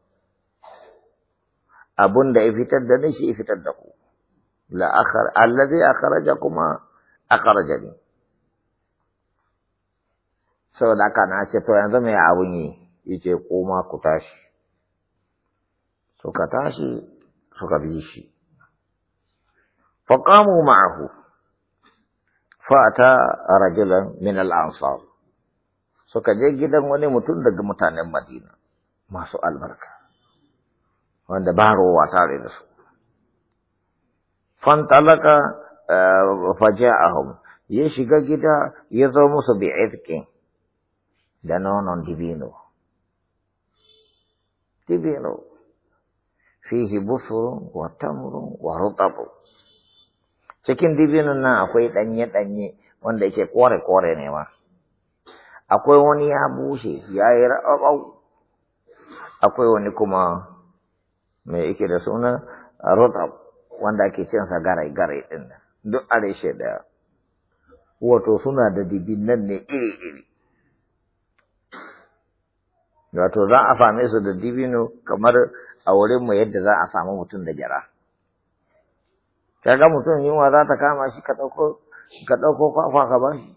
abun da ya fitar da ni shi ya fitar da ku la akhar allazi akhraja kuma akhraja ni da haka na ce to yanzu mai abun yi yake koma ku tashi suka tashi suka bi shi faqamu ma'ahu fata rajulan min al-ansar suka je gidan wani mutum daga mutanen Madina masu albarka wanda ba rowa tare da su fantalaka eh, faja'ahum ya shiga gida ya zo musu bi irkin da nonon dibino dibino fihi busurun wa tamurun wa rutabu cikin dibinan nan akwai ɗanye-ɗanye wanda yake kore-kore ne ma akwai wani ya bushe ya yi raɓaɓau akwai wani kuma mai yake da suna rotab wanda ake cinsa garai-garai ɗin duk a reshe ɗaya wato suna da dibinan ne iri-iri wato za a same su da dibino kamar a wurinmu yadda za a samu mutum da gyara kaga mutum yunwa za ta kama shi ka ɗauko ka ɗauko kwakwa ka ba shi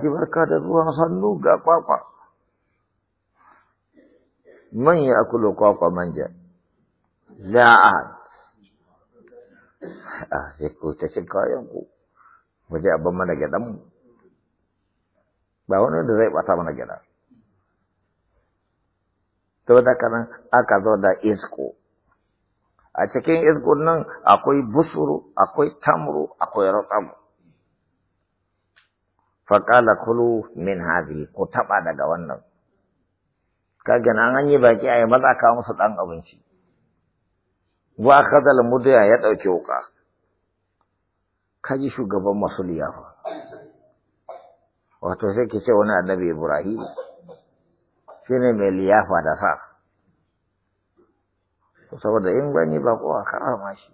ce barka da ruwan hannu ga kwakwa man ya akulu kwakwa manja la'a a sai ku ta cin kayan ku mu je abin mana gyaɗan mu ba wani da zai ɓata mana gyaɗa to da kanan aka zo da isko a cikin izgun nan akwai busuru akwai tamru akwai ratamu faƙala kulu min hazi ko taɓa daga wannan kage nan an yi baki a yi maza kawo musu ɗan abinci wa kazal mudiya ya ɗauki wuka kaji shugaban masu liyafa wato sai ke ce wani annabi ibrahim shine mai liyafa da sa saboda in gani ba kowa karama shi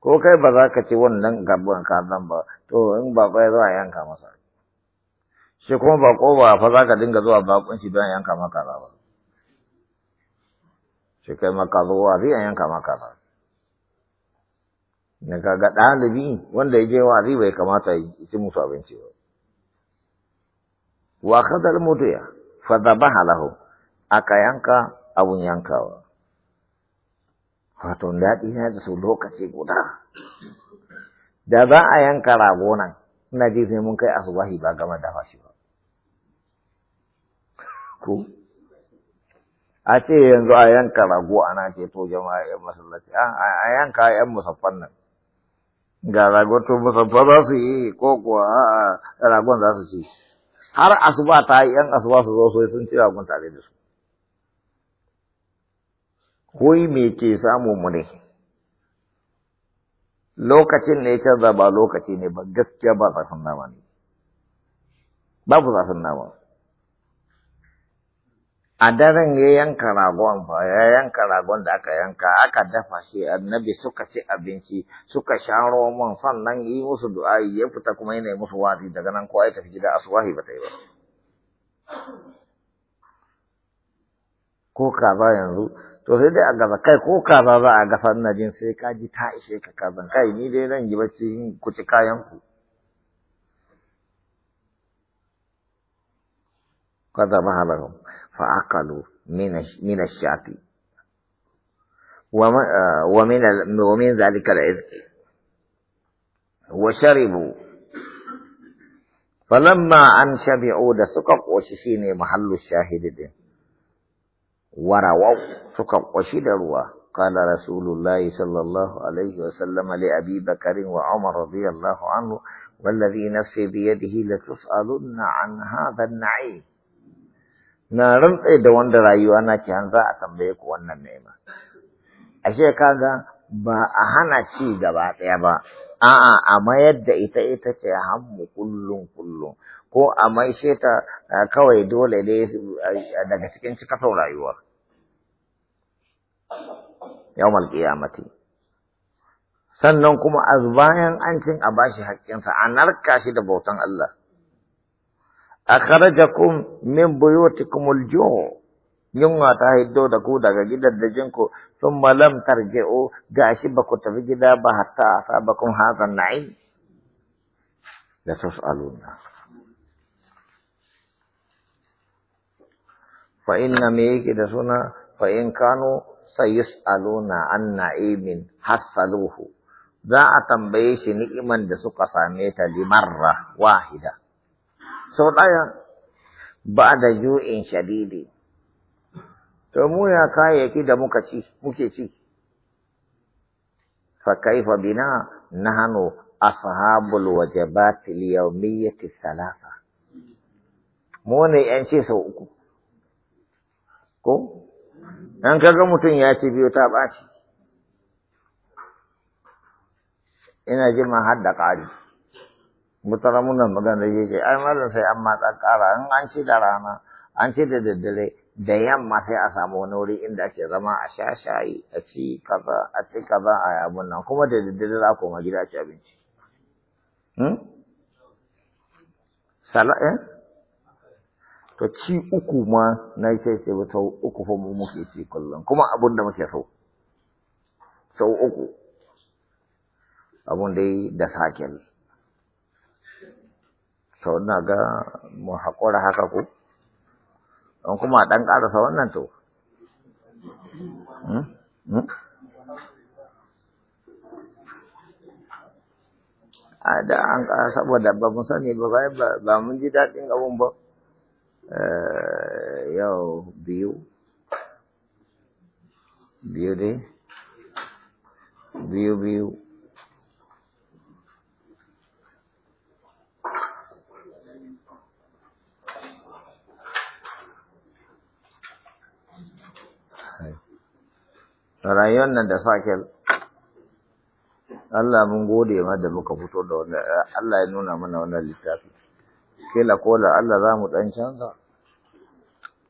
ko kai ba za ka ci wannan gaban kazan ba to in ba ya zo a yanka masa shi kuma ba ko ba fa za ka dinga zuwa bakon shi don yanka maka ba shi kai maka zuwa zai yanka maka ba na kaga ɗalibi wanda ya je zai bai kamata ya ci musu abinci ba wa kadal mudiya fa dabaha lahu aka yanka abun yankawa wato daɗi na da su lokaci guda da za a yanka rago nan ina ji sai mun kai asubahi ba gama dafa shi ba Ku? a ce yanzu a yanka rago ana ce to jama'a yan masallaci a yanka yan musaffan nan ga rago to musaffa za su yi ko kuwa ragon za su ci har asuba ta yi yan asuba su zo sun ci ragon tare da su wai me ke samu mu ne lokacin ne canza ba lokaci ne ba gaskiya ba zafin nama ne babu zafin nama a daren ya yanka ragon fa ya yanka ragon da aka yanka aka dafa shi annabi suka ci abinci suka sha roman sannan yi musu du'a'i ya fita kuma yana musu wazi daga nan kowa ya tafi gida aswahi ba ta yi ba ko kaza yanzu to sai dai a gaba kai ko kaza za a gasa ina jin sai ka ji ta ishe ka kazan kai ni dai zan yi bacci ku ci kayan ku kaza mahalahum fa akalu min ash-shati wa min wa min zalika al-izq wa sharibu فلما ان شبعوا ده suka koshi shine mahallu shahidi din warawau suka ƙwashi da ruwa kala rasulullahi sallallahu alaihi wa sallam li abi bakr wa umar radiyallahu anhu والذي نفسي بيده لتسألن عن هذا النعيم na rantse da wanda rayuwa na ke za a tambaye ku wannan ni'ima ashe kaga ba a hana ci gaba ɗaya ba a'a a mayar da ita ita ce hammu kullum kullum ko a maishe ta kawai dole ne daga cikin cikafin rayuwa yawmal qiyamati sannan kuma az bayan an cin a bashi haƙƙinsa an narka shi da bautan Allah akharajakum min buyutikum al yunwa ta hiddo da ku daga gidajenku sun malam tarji'u gashi ba ku tafi gida ba hatta asabakum hazan nai la tus'aluna fa inna me yake da suna fa in kanu sayas'aluna an na'imin hassaluhu za a tambaye shi ni'iman da suka same ta limarra wahida sau ɗaya ba da ju'in shadidi to mu ya kayayyaki da muka ci muke ci fa kaifa bina nahnu ashabul wajibat al-yawmiyyati mu ne yan ce sau uku ko Dan kaga mutum ya ci biyu ta bashi. Ina ji ma har da ƙari. Mutara muna magana yake, ai malam sai an matsa ƙara, in an ci da rana, an ci da daddare, da yamma sai a samu wani wuri inda ake zama a sha shayi a ci kaza a ci kaza a abun nan kuma da daddare za ma gida ci abinci. Hmm? Eh? to ci uku ma na yi ce ba sau uku fa mu muke ci kullum kuma abun da muke so sau uku abun dai da sakin sau na ga mu haƙura haka ku don kuma ɗan ƙarasa wannan to hmm? Hmm? a da an ƙara saboda ba mu sani ba ba mun ji daɗin abun ba Eh, yau biyu biyu dai eh? biyu biyu rayuwar nan da sake Allah mun gode ma da muka fito da wannan Allah ya nuna mana wannan littafi kila kola Allah za mu ɗan canza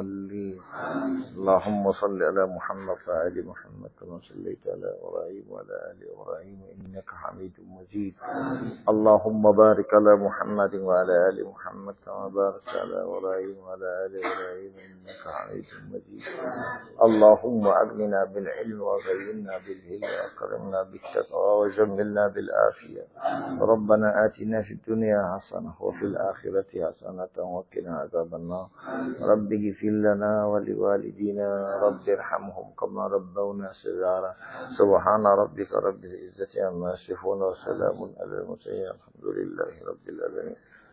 الضالين اللهم صل على محمد ال محمد كما صليت على إبراهيم وعلى آل إبراهيم إنك حميد مجيد اللهم بارك على محمد وعلى آل محمد كما باركت على إبراهيم وعلى آل إبراهيم إنك حميد مجيد اللهم أغننا بالعلم وغيرنا بالهدى وأكرمنا بالتقوى وجملنا بالعافية ربنا آتنا في الدنيا حسنة وفي الآخرة حسنة وقنا عذاب النار رب في اغفر لنا ولوالدينا رب ارحمهم كما ربونا صغارا سبحان ربك رب العزة عما يصفون وسلام على المرسلين الحمد لله رب العالمين